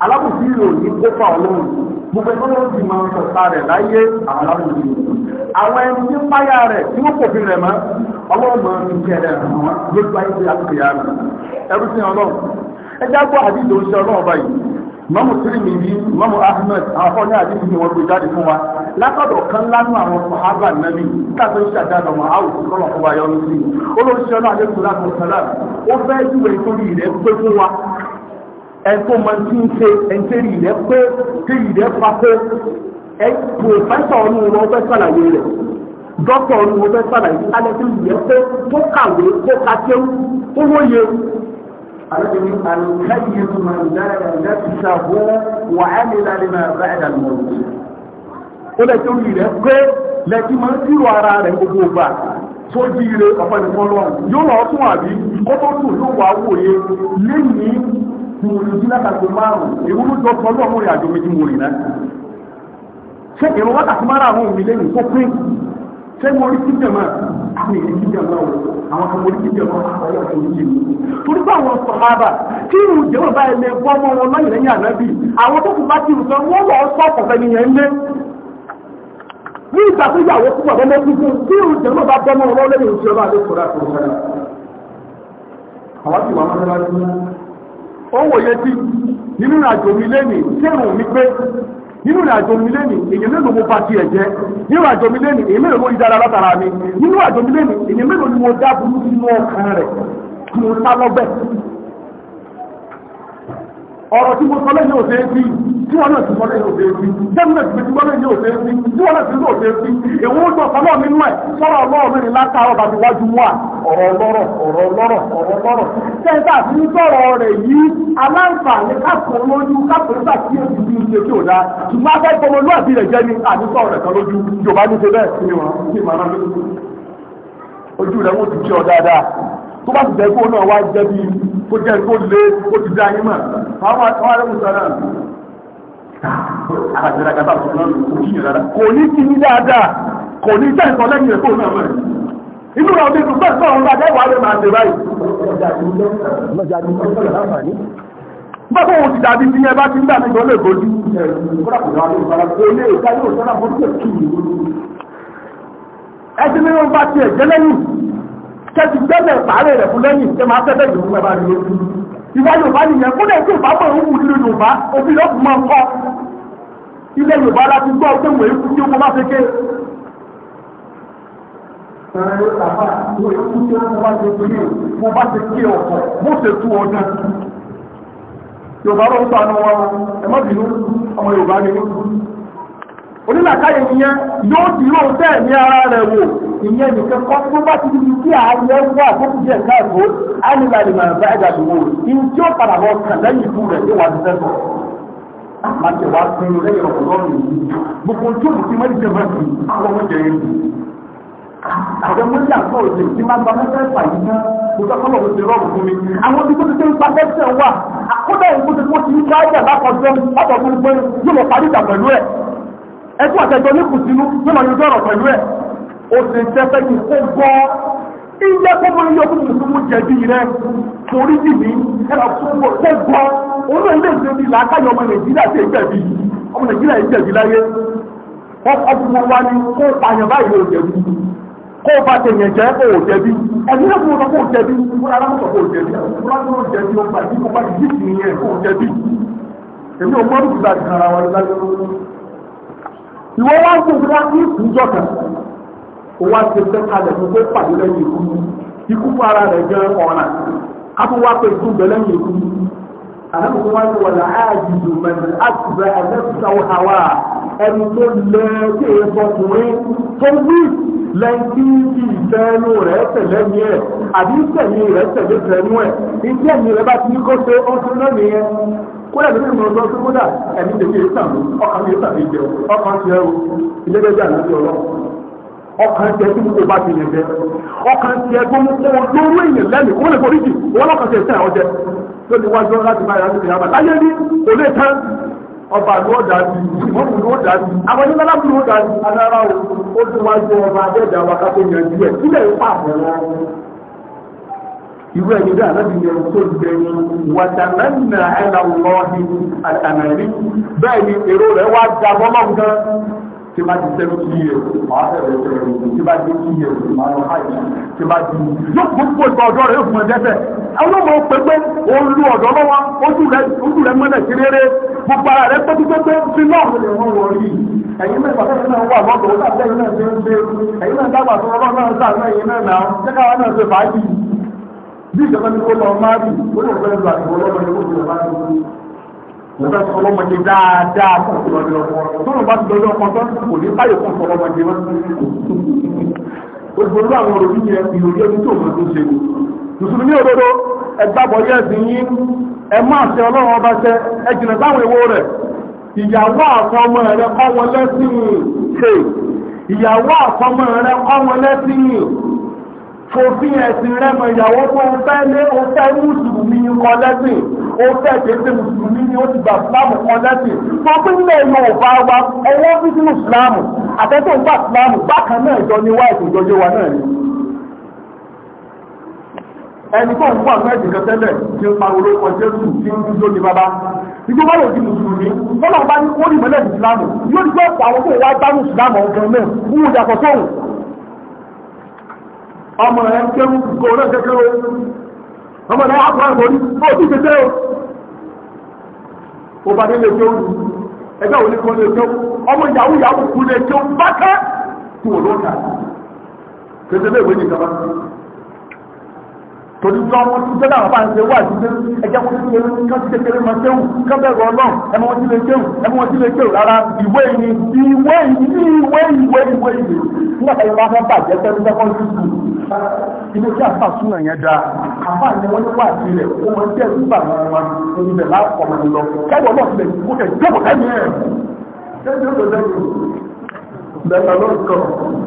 alábòsí ò ní kópa ọlọ́run gbogbo ẹgbẹ́ wọn ti máa ń sọ̀tà rẹ̀ láyé àwọn alábòsí àwọn ẹni tí páyà rẹ̀ tí wọ́n kò fi rẹ̀ mọ́ ọlọ́ọ̀mọ̀ ìkẹrẹ àwọn gbogbo ayé àti ìyára ẹrú sí ọlọ́run ẹjá gbọ́ àdìdò ń ṣe ọlọ́run báyìí mọ́mù tìrìmì yìí mọ́mù ahmed àwọn ní àdìdì ni wọ́n gbé jáde fún wa látọ̀dọ̀ kan lánú àwọn sàhábà nàbì tàbí ń ṣàdánù wọn àwọn òṣìṣẹ́ wọn fún wa yọ lóṣì olóṣìṣẹ́ náà lè fún láti ọ̀sán láti ó fẹ́ júwèé torí rẹ̀ pé fún wa ẹ̀kọ́ máa ti ń ṣe ẹ̀ńtẹ́rì rẹ̀ pé tẹ́rì rẹ̀ pa pé ẹ̀ pòfẹ́sọ̀ ọ̀nù wọn fẹ́ sàlàyé rẹ̀ dọ́kítọ̀ ni mo fẹ́ sábà yìí alẹ́ tó yẹ pé tó kàwé tó ka kéwú tó wóye. Àlejò àlùkáyé tó máa ń dára ẹ̀dá ti ṣàbó wà á lè lálẹ́ máa bá ẹ̀dá lọ. Ó lẹ tó yìí rẹ̀ pé lẹ́tí máa ń tìrò ara rẹ̀ gbogbo gbà tó jí ire ọ̀pọ̀ nìkan lọ. Yóò lọ tún àbí kó tó tún yóò wá wòye lẹ́yìn ìwòye jí látàgbé márùn-ún. Ìwúlú jọ sọ lọ́mú ìrìnàjò méjì mo rìn náà. Ṣé ìrún wákàtí márùn-ún mi lẹ́yìn tó pín ṣé mo rí kíjà máa àwọn èyí kíjà máa wò àwọn kan mo rí kíjà máa àwọn ọ̀rọ̀ tó yé mi. torí pé àwọn sọ̀hábà tí ìrù jẹ́ bàbá ẹ̀ lẹ́ bọ́ ọmọ wọn lọ́yìn lẹ́yìn ànábì àwọn tó kù bá ti rù sọ wọ́n lọ sọ ọ̀pọ̀fẹ́ nìyẹn ń lé. ní ìgbà tó yàwó púpọ̀ bọ́mọ tuntun tí ìrù jẹ́ bàbá bọ́ ọmọ wọn lẹ́yìn òṣìṣẹ́ bá lè sọ̀rọ̀ àtọ̀rọ̀ àwọn ti wà mọ́tẹ́lá nínú ìrìnàjò mi lẹ́nu èyàn mélòó mo bá tiẹ̀ jẹ́ nínú ìrìnàjò mi lẹ́nu èyàn mélòó mo yí dára látara mi nínú ìrìnàjò mi lẹ́nu èyàn mélòó ni mo dá burú sínú ọkàn rẹ̀ kí mo sá lọ́gbẹ̀. ọ̀rọ̀ tí mo sọ lẹ́yìn òṣèré sí tí wọ́n náà ti ọ dáadáa tó bá ti àbàtìrà kàtà tó náà kò kí yẹn rárá kò ní kí ní dáadáa kò ní jẹ́ ìtọ́ lẹ́yìn ẹ̀kọ́ náà mọ̀ inú ra òde dùgbẹ́ sọ̀rọ̀ ń dájẹ́ wàá lè máa dè báyìí. báwo ti dàbí tí bá ti ń dà nígbà lè bójú. ẹ ti ní bá tiẹ̀ jẹ́ lẹ́yìn kẹ́sì gbẹ́bẹ̀ pàálẹ̀ rẹ̀ fún lẹ́yìn tẹ́ máa fẹ́ bẹ́ẹ̀ ìwà yorùbá nìyẹn kó lẹ́yìn tó bá bọ̀ òun wù nílé yorùbá òfin lọ́pù máa ń kọ́ ilé yorùbá láti gbọ́ pé wòye kú tí ó máa fẹ́ ké. mo bá ti ké ọ̀pọ̀ mo ṣe tú ọdún yorùbá ló ń sànú wọn ẹ má bínú ọmọ yorùbá ni onílàkàyè yẹn yóò ti rò bẹ́ẹ̀ ní ara rẹ̀ wò ìyẹn nìkan kọ́ tó bá ti di kí ààyè wà tó ti jẹ́ káàkó alìlàlì màá bá ẹ̀dà lówó ìyẹn tí ó padà bọ̀ kàn lẹ́yìn ikú rẹ̀ ní wàá sẹ́nu. àmàtẹ̀ wàá pinnu lẹ́yìn ọ̀pọ̀lọpọ̀ yìí gbogbo tí o ti mẹ́rin jẹ́ mẹ́rin àwọn ọmọ jẹ́ yẹn àwọn ọmọ ìyá àgbọ̀ òde tí máa gba mẹ́fẹ́ fà yìí ná mo sọ fọlọ́ òde rọrùn fún mi àwọn ibi tó ti ń pa fẹ́sẹ̀ wà àkódà ìgbóde tó ti ń ká ẹ̀jẹ̀ lákọ̀ọ́jọ́ látọ̀ fún gbẹ́rù yóò lọ parí ìjà pẹ̀lú ẹ̀ ẹkú àtẹjọ ní kùsínú tó lọ yọjọ ọ̀rọ̀ pẹ̀lú ẹ̀ ó sì tẹ́fẹ́ kí ó gbọ́ ilé kó mọ iye ọdún tuntun jẹ̀bi rẹ̀ torí jì ní ẹ̀rọ púpọ̀ tó gbọ́ òun náà ilé ìjọba ìlà akáyọ ọmọ nàìjíríà ti jẹ̀bi ọmọ nàìjíríà ti jẹ̀bi láyé wọ́n kọ́ fún wa ní kó pààyàn báyìí ò jẹ̀bi kó o bá tẹ̀yẹ̀ jẹ́ kó o jẹ̀bi ẹni náà fún ọkọ̀ jẹ̀bi ìwọ wá ń gbèsè wá sí ìsúnjọ kan ó wá ti fẹ́ kalẹ̀ fún pé pàdé lẹ́yìn ikú ikú fún ara rẹ̀ jẹ́ ọ̀ràn a tún wá pé ikú bẹ̀ lẹ́yìn ikú àlẹ́ kò wá ní wọ̀lá áàjìdù mẹ́rin láti bẹ ẹ̀lẹ́sìtà òhàwà ẹni tó lẹ tí èyí fọkùnrin tó wí lẹ́yìn tí ti ìfẹ́ rẹ̀ tẹ̀lé ní ẹ̀ àbí ìfẹ̀yìn rẹ̀ tẹ̀lé tẹ̀lé nú ẹ̀ ìfẹ̀yìn rẹ̀ bá ti ní kó ṣe ó kó lẹ́nu nínú ọjọ́ tó kódà ẹ̀mí tèmi èyí tàn ọkàn mi èyí tàn ọkàn ti ẹrù ilégbèjà ọlọ́ ọkàn ti ẹtí mú kó bá ti yẹn jẹ ọkàn ti mú kó lẹ́nu kó lè forí jì wọn lọ́kàn ti ẹ̀sẹ̀ ọjẹ irú ẹni bí àlọ́ ìyẹn tó gbẹ̀yìn wàtàmẹ́nà ẹ̀là lọ́ọ̀hìn àtàmẹ́rí bẹ́ẹ̀ ni èrò rẹ̀ wá da mọ́mọ́ gan tí bá di sẹ́nu kí yẹ máa bẹ̀rẹ̀ sẹ́nu tí bá di kí yẹ máa lọ àyè tí bá di yóò gbogbo ìgbà ọ̀dọ́ rẹ̀ yóò fún ẹ dẹ́sẹ̀ àwọn ọmọ pẹpẹ olú ọ̀dọ́ lọ́wọ́ ojú rẹ̀ ojú rẹ̀ mọ́lẹ̀ sí rere gbogbo ara rẹ̀ pẹ́pẹ́pẹ́ sí náà ẹ̀yin mẹ́fà tẹ́lẹ̀ náà wà lọ́dọ̀ ó dàbí ẹ̀yin náà ṣe ń ṣe ẹ̀yin náà dábàá tó ọlọ́run náà sáà náà ẹ̀yin náà náà jẹ́ káwọn náà ṣe fàájì bí ìjọba ní kó lọ máa bì ó lè fẹ́ lọ àtìwọ́ lọ́mọ ní kókò lọ́mọ ní kókò lọ́mọ sọ lọ́mọdé dáadáa fún ìlọrin ọkọ tọ́nà bá ti lọ́jọ́ ọkọ tó kò ní báyìí fún sọ lọ́mọdé wọn. olùgbòrò àwọn òròyìn yẹn ìròyìn ẹni tó mọ̀ tó ṣe mùsùlùmí òdodo ẹgbàgbọ́ yẹ ẹ̀sìn yín ẹ máa ṣe ọlọ́run ọba ṣe ẹ jìnà sáwọn èwo rẹ̀ ìyàwó àfọmọ rẹ kọ́ wọn lẹ́sìn ìyàwó àfọmọ rẹ kọ́ wọn lẹ́sìn fòfin ẹ̀sìn rẹmọ ìyàwó tó ń fẹ́ lé o fẹ́ mùsùlùmí kan lẹ́sìn o fẹ́ kéde mùsùlùmí ni ó ti gbà sílámù kan lẹ́sìn tó fi ń lè yan ọ̀bá wa ọwọ́ fífi mùsùlámù àtẹ́tò ń gbà sílámù bákan náà ìjọ ni wá ètò ìjọjọ wa náà ni. ẹni tó ń wà mẹ́ẹ̀dì kan tẹ́lẹ̀ ti ń pariwo lórúkọ jésù tí ń dúró ní bàbá ìjọ wọ́n lè di mùsùlùmí wọ́n náà bá ní kó ní ìmọ̀lẹ́ ìsìlámù yóò ní pẹ́ àwọn tó wá gbá mùsùlámù ọ̀gán náà wúwo yàtọ̀ sóhùn ọmọ rẹ̀ kéwù kò náà kékeré o ọmọ rẹ̀ àpò àpò ní ó bá nílé kéwù ẹgbẹ́ òní kan lè kéwù ọmọ yahoo yahoo kú lè kéwù bákẹ́ kú òlóòtà kékeré ìwé nìkan bá ti torí gan wọn ti jẹ́lá àwọn àṣẹ wà sí ẹjẹ́ wọn ti lè kán ti kékeré máa ṣéwù kán bẹ̀rù ọlọ́run ẹmọ wọn ti lè ṣéwù ẹmọ wọn ti lè ṣéwù rárá ìwé ni ìwé ìwé ìwé ìwé ìwé ìwé nígbà tí wọn fẹ́ bàjẹ́ pẹ̀lú sẹ́kọ́ndì sùn. ilé tí àfa súnà yẹn da àfa ni wọn ní wà sí rẹ̀ ó mọ jẹ́ ìgbà wọn ibẹ̀ láàpọ̀ mọ́ lọ kẹ́wọ̀n náà tilẹ̀ kó kẹ́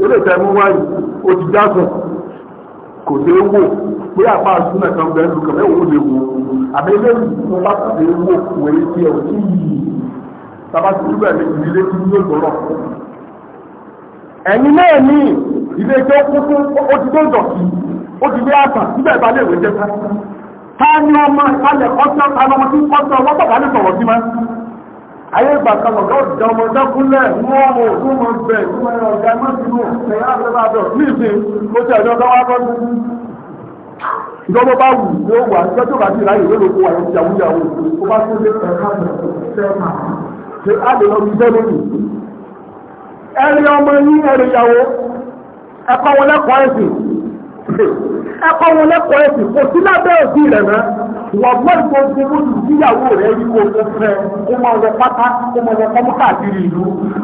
ìrẹ́lẹ̀ tẹ́mú wáyé ó ti kò lè wò pé àpá àtúnà kan bẹ́ẹ̀ lù kàn lè wò àmì ilé ìwọ̀n bá sì lè wò wẹ̀rẹ̀ tí ẹ̀ òtí yìí tàbá ti lè ilé tí yóò ẹ̀yin náà ní ilé ó ti tó dọ̀tí ó ti lé àtà síbẹ̀ bá lè wẹ̀ ta ni ọmọ ìpalẹ̀ ọ̀sán ayé ìgbàkanlọ̀ ló dán ọmọ dákúnlẹ̀ wọ́n mọ̀ tó mọ̀ bẹ̀ tó ẹ̀rọ ọ̀gá ẹ̀mọ́ sí mọ̀ ẹ̀yà àfẹ́bàbẹ̀ ní ìsìn kó tí ẹ̀jọ́ tó wá bọ́ sí ìjọba bá wù ní ó wà ní ọjọ́ bá ti ráyè ló lóko àwọn ìyàwóyàwó ó bá tó wàgbọ́n tó ń ṣe lóṣù síyàwó rẹ̀ yí kó o fẹ́ kó máa wọ pátá kó máa wọ pọ́nmọ́ káàkiri ìlú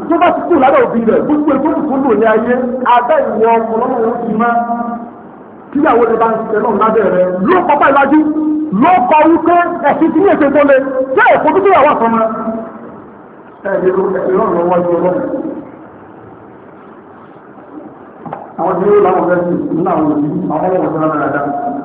tó bá ti kú lábẹ́ òbí rẹ̀ gbogbo ètò ìfúnnù ní ayé abẹ́ ìwọ ọmọlọ́wọ́ ó ti máa tíyàwó rẹ̀ bá ń ṣiṣẹ́ náà lábẹ́ rẹ̀ ló kọ́pá ìlàjú ló kọ wípé ẹ̀sìn ti ní èso tó le jẹ́ èkó tó tó yàwó àtọmọ. àwọn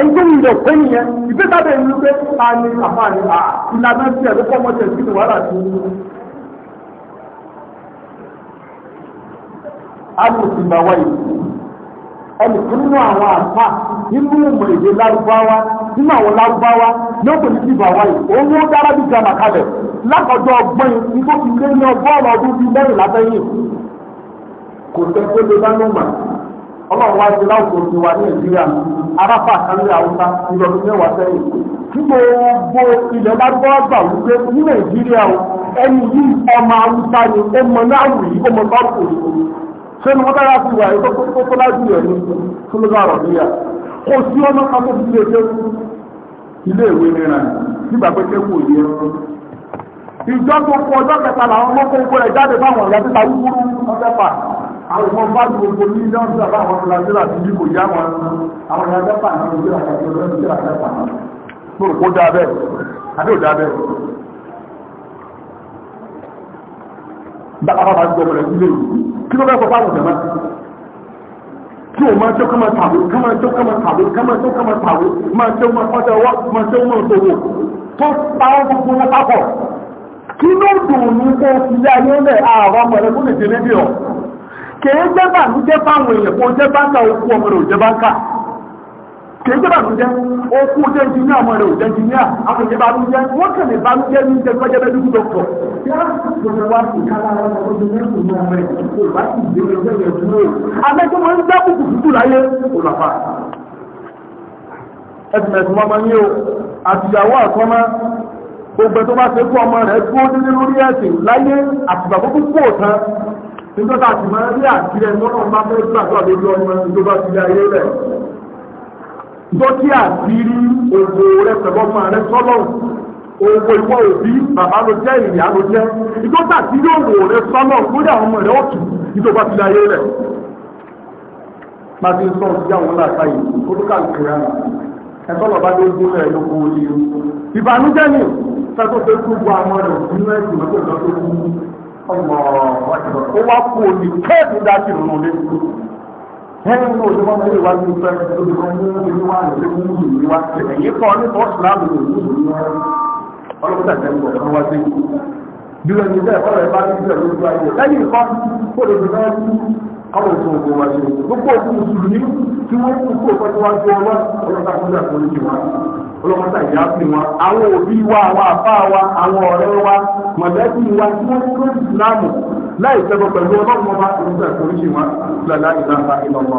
ẹ̀ńtọ́rì rẹ̀ kọ́ nìyẹn ìgbé tábà ẹ̀mí wípé a ní àfààní à ìlànà tí ẹ̀rọ pọ̀ mọ́tẹ̀ sí wàhálà sí i. alùpùpù wa yìí ẹnì kan nínú àwọn àfà nínú ìmọ̀ èdè lárúbáwá nínú àwọn lárúbáwá yóò pè ní dára kalẹ̀ lákọ̀ọ́jọ́ ọgbọ́n yìí ní fi lé ní ọdún bíi kò ọlọ́run wá sí láwùjọ ti wà ní nàìjíríà aráfà mẹ́wàá sẹ́yìn tí gbogbo ilẹ̀ wípé ní nàìjíríà ẹni yìí ọmọ ni ó mọ náàrù yìí ó mọ báwùkù yìí ṣé ni wọ́n dára sí wà yìí tó tó lájú rẹ̀ ní fúnlọ́gà rọ̀bíyà kò sí ọmọ kan tó fi lè ilé ìwé mìíràn nígbà pé kéwù yìí ìjọ tó kọ àwọn ọmọ bá gbogbo ní ilé ọ̀sẹ̀ àbá àwọn ọmọ ìlàjẹ́ àti ìlú kò yá wọn àwọn ìlàjẹ́ pà ní ìlú àti ìlú àti ìlú àti ìlú àti ìlú kò dáa bẹ́ẹ̀ àbí ò dáa bẹ́ẹ̀. bàbá bá gbọ́ bẹ̀rẹ̀ sílé yìí kí ló bẹ́ẹ̀ fọ́ fáwọn ìjọba kí o máa tó kama tàwé kama tó kama tàwé kama tó kama tàwé máa tó máa fọ́tẹ̀ wá máa tó máa tó wò tó táwọn gbogbo wọn pápọ̀ kí ló dùn ní kó fi yá yóò lẹ̀ àárọ̀ mọ̀lẹ́kùn lè dé níbi ọ̀ kèé jẹ́ bànújẹ́ fáwọn èèyàn kò jẹ́ báńkà okú ọmọ rẹ̀ ò jẹ́ báńkà kèé jẹ́ bànújẹ́ okú jẹ́ ìjìnlẹ̀ ọmọ rẹ̀ ò jẹ́ ìjìnlẹ̀ àwọn èèyàn bànújẹ́ wọ́n kàn lè bànújẹ́ ní jẹ́ gbọ́jẹ́ bẹ́ẹ̀ dúkú dọ́kọ̀. amẹ́jọ́ máa ń dá kùkù dúdú láyé òlàfà ẹ̀sìn ẹ̀sìn ọmọ yín o àtìyàwó àkọ́mọ́ gbogbo ẹ̀ tó bá ṣe kú ọmọ rẹ̀ dúró nílé lórí ẹ̀sìn láyé àtìgbà gbogbo kú òtán nígbà tá a sì máa rí àtìrẹ mọ́nà bá fẹ́ gbàgbọ́ lórí ọmọ tó bá ti ayé rẹ̀. Ìjọ tí àtìrí ògbò rẹ pẹ̀lú ọmọ rẹ sọ́lọ̀ ògbò ìwọ òbí bàbá ló jẹ́ ìyá ló jẹ́. Ìjọ tí àtìrí ògbò rẹ sọ́lọ̀ lórí àwọn ọmọ rẹ ọ̀tún tó bá ti ayé rẹ̀. Pàṣẹ sọ sí àwọn ọlọ́ta yìí, ó tó kà lùkìrà. Ẹ̀kọ́ lọ́ba ló dún rẹ̀ ló kó orí. Ìbànújẹ́ ni, fẹ́ tó fẹ́ kú gbọ́ àwọn ọ̀rẹ́ òfin náà ìgbìmọ̀ tó lọ́ ó wá kú òní kẹ́ẹ̀tì dájú ìrùnú lé ẹni ní òní wọn lè wá ní ìfẹ́ tó ní wọn ní ìlú wa lè mú ìlú ní wa ẹ̀yìn kan ní fọ́ọ̀sì láàbù ní ìlú ní wọn ọlọ́pàá tẹ̀lé ń bọ̀ fún wa sí bí wọn ní bẹ́ẹ̀ fọ́ọ̀rọ̀ ẹ̀ bá ní ìfẹ́ lójú ayé lẹ́yìn nǹkan kó lè dùn náà sí àwọn òṣù òkú wa ṣe gbogbo òkú mùsùlùmí tí wọ́n kú kó ọlọ́pàá ìyá sí wọn àwọn òbí wa àwọn àbá wa àwọn ọ̀rẹ́ wa mọ̀lẹ́bí wa tí wọ́n tó ìsìlámù láì sẹ́gbọ̀ pẹ̀lú ọlọ́run ọba ìrúbẹ̀ tó ń ṣe wọn lọ́la ìlànà ìlọ́mọ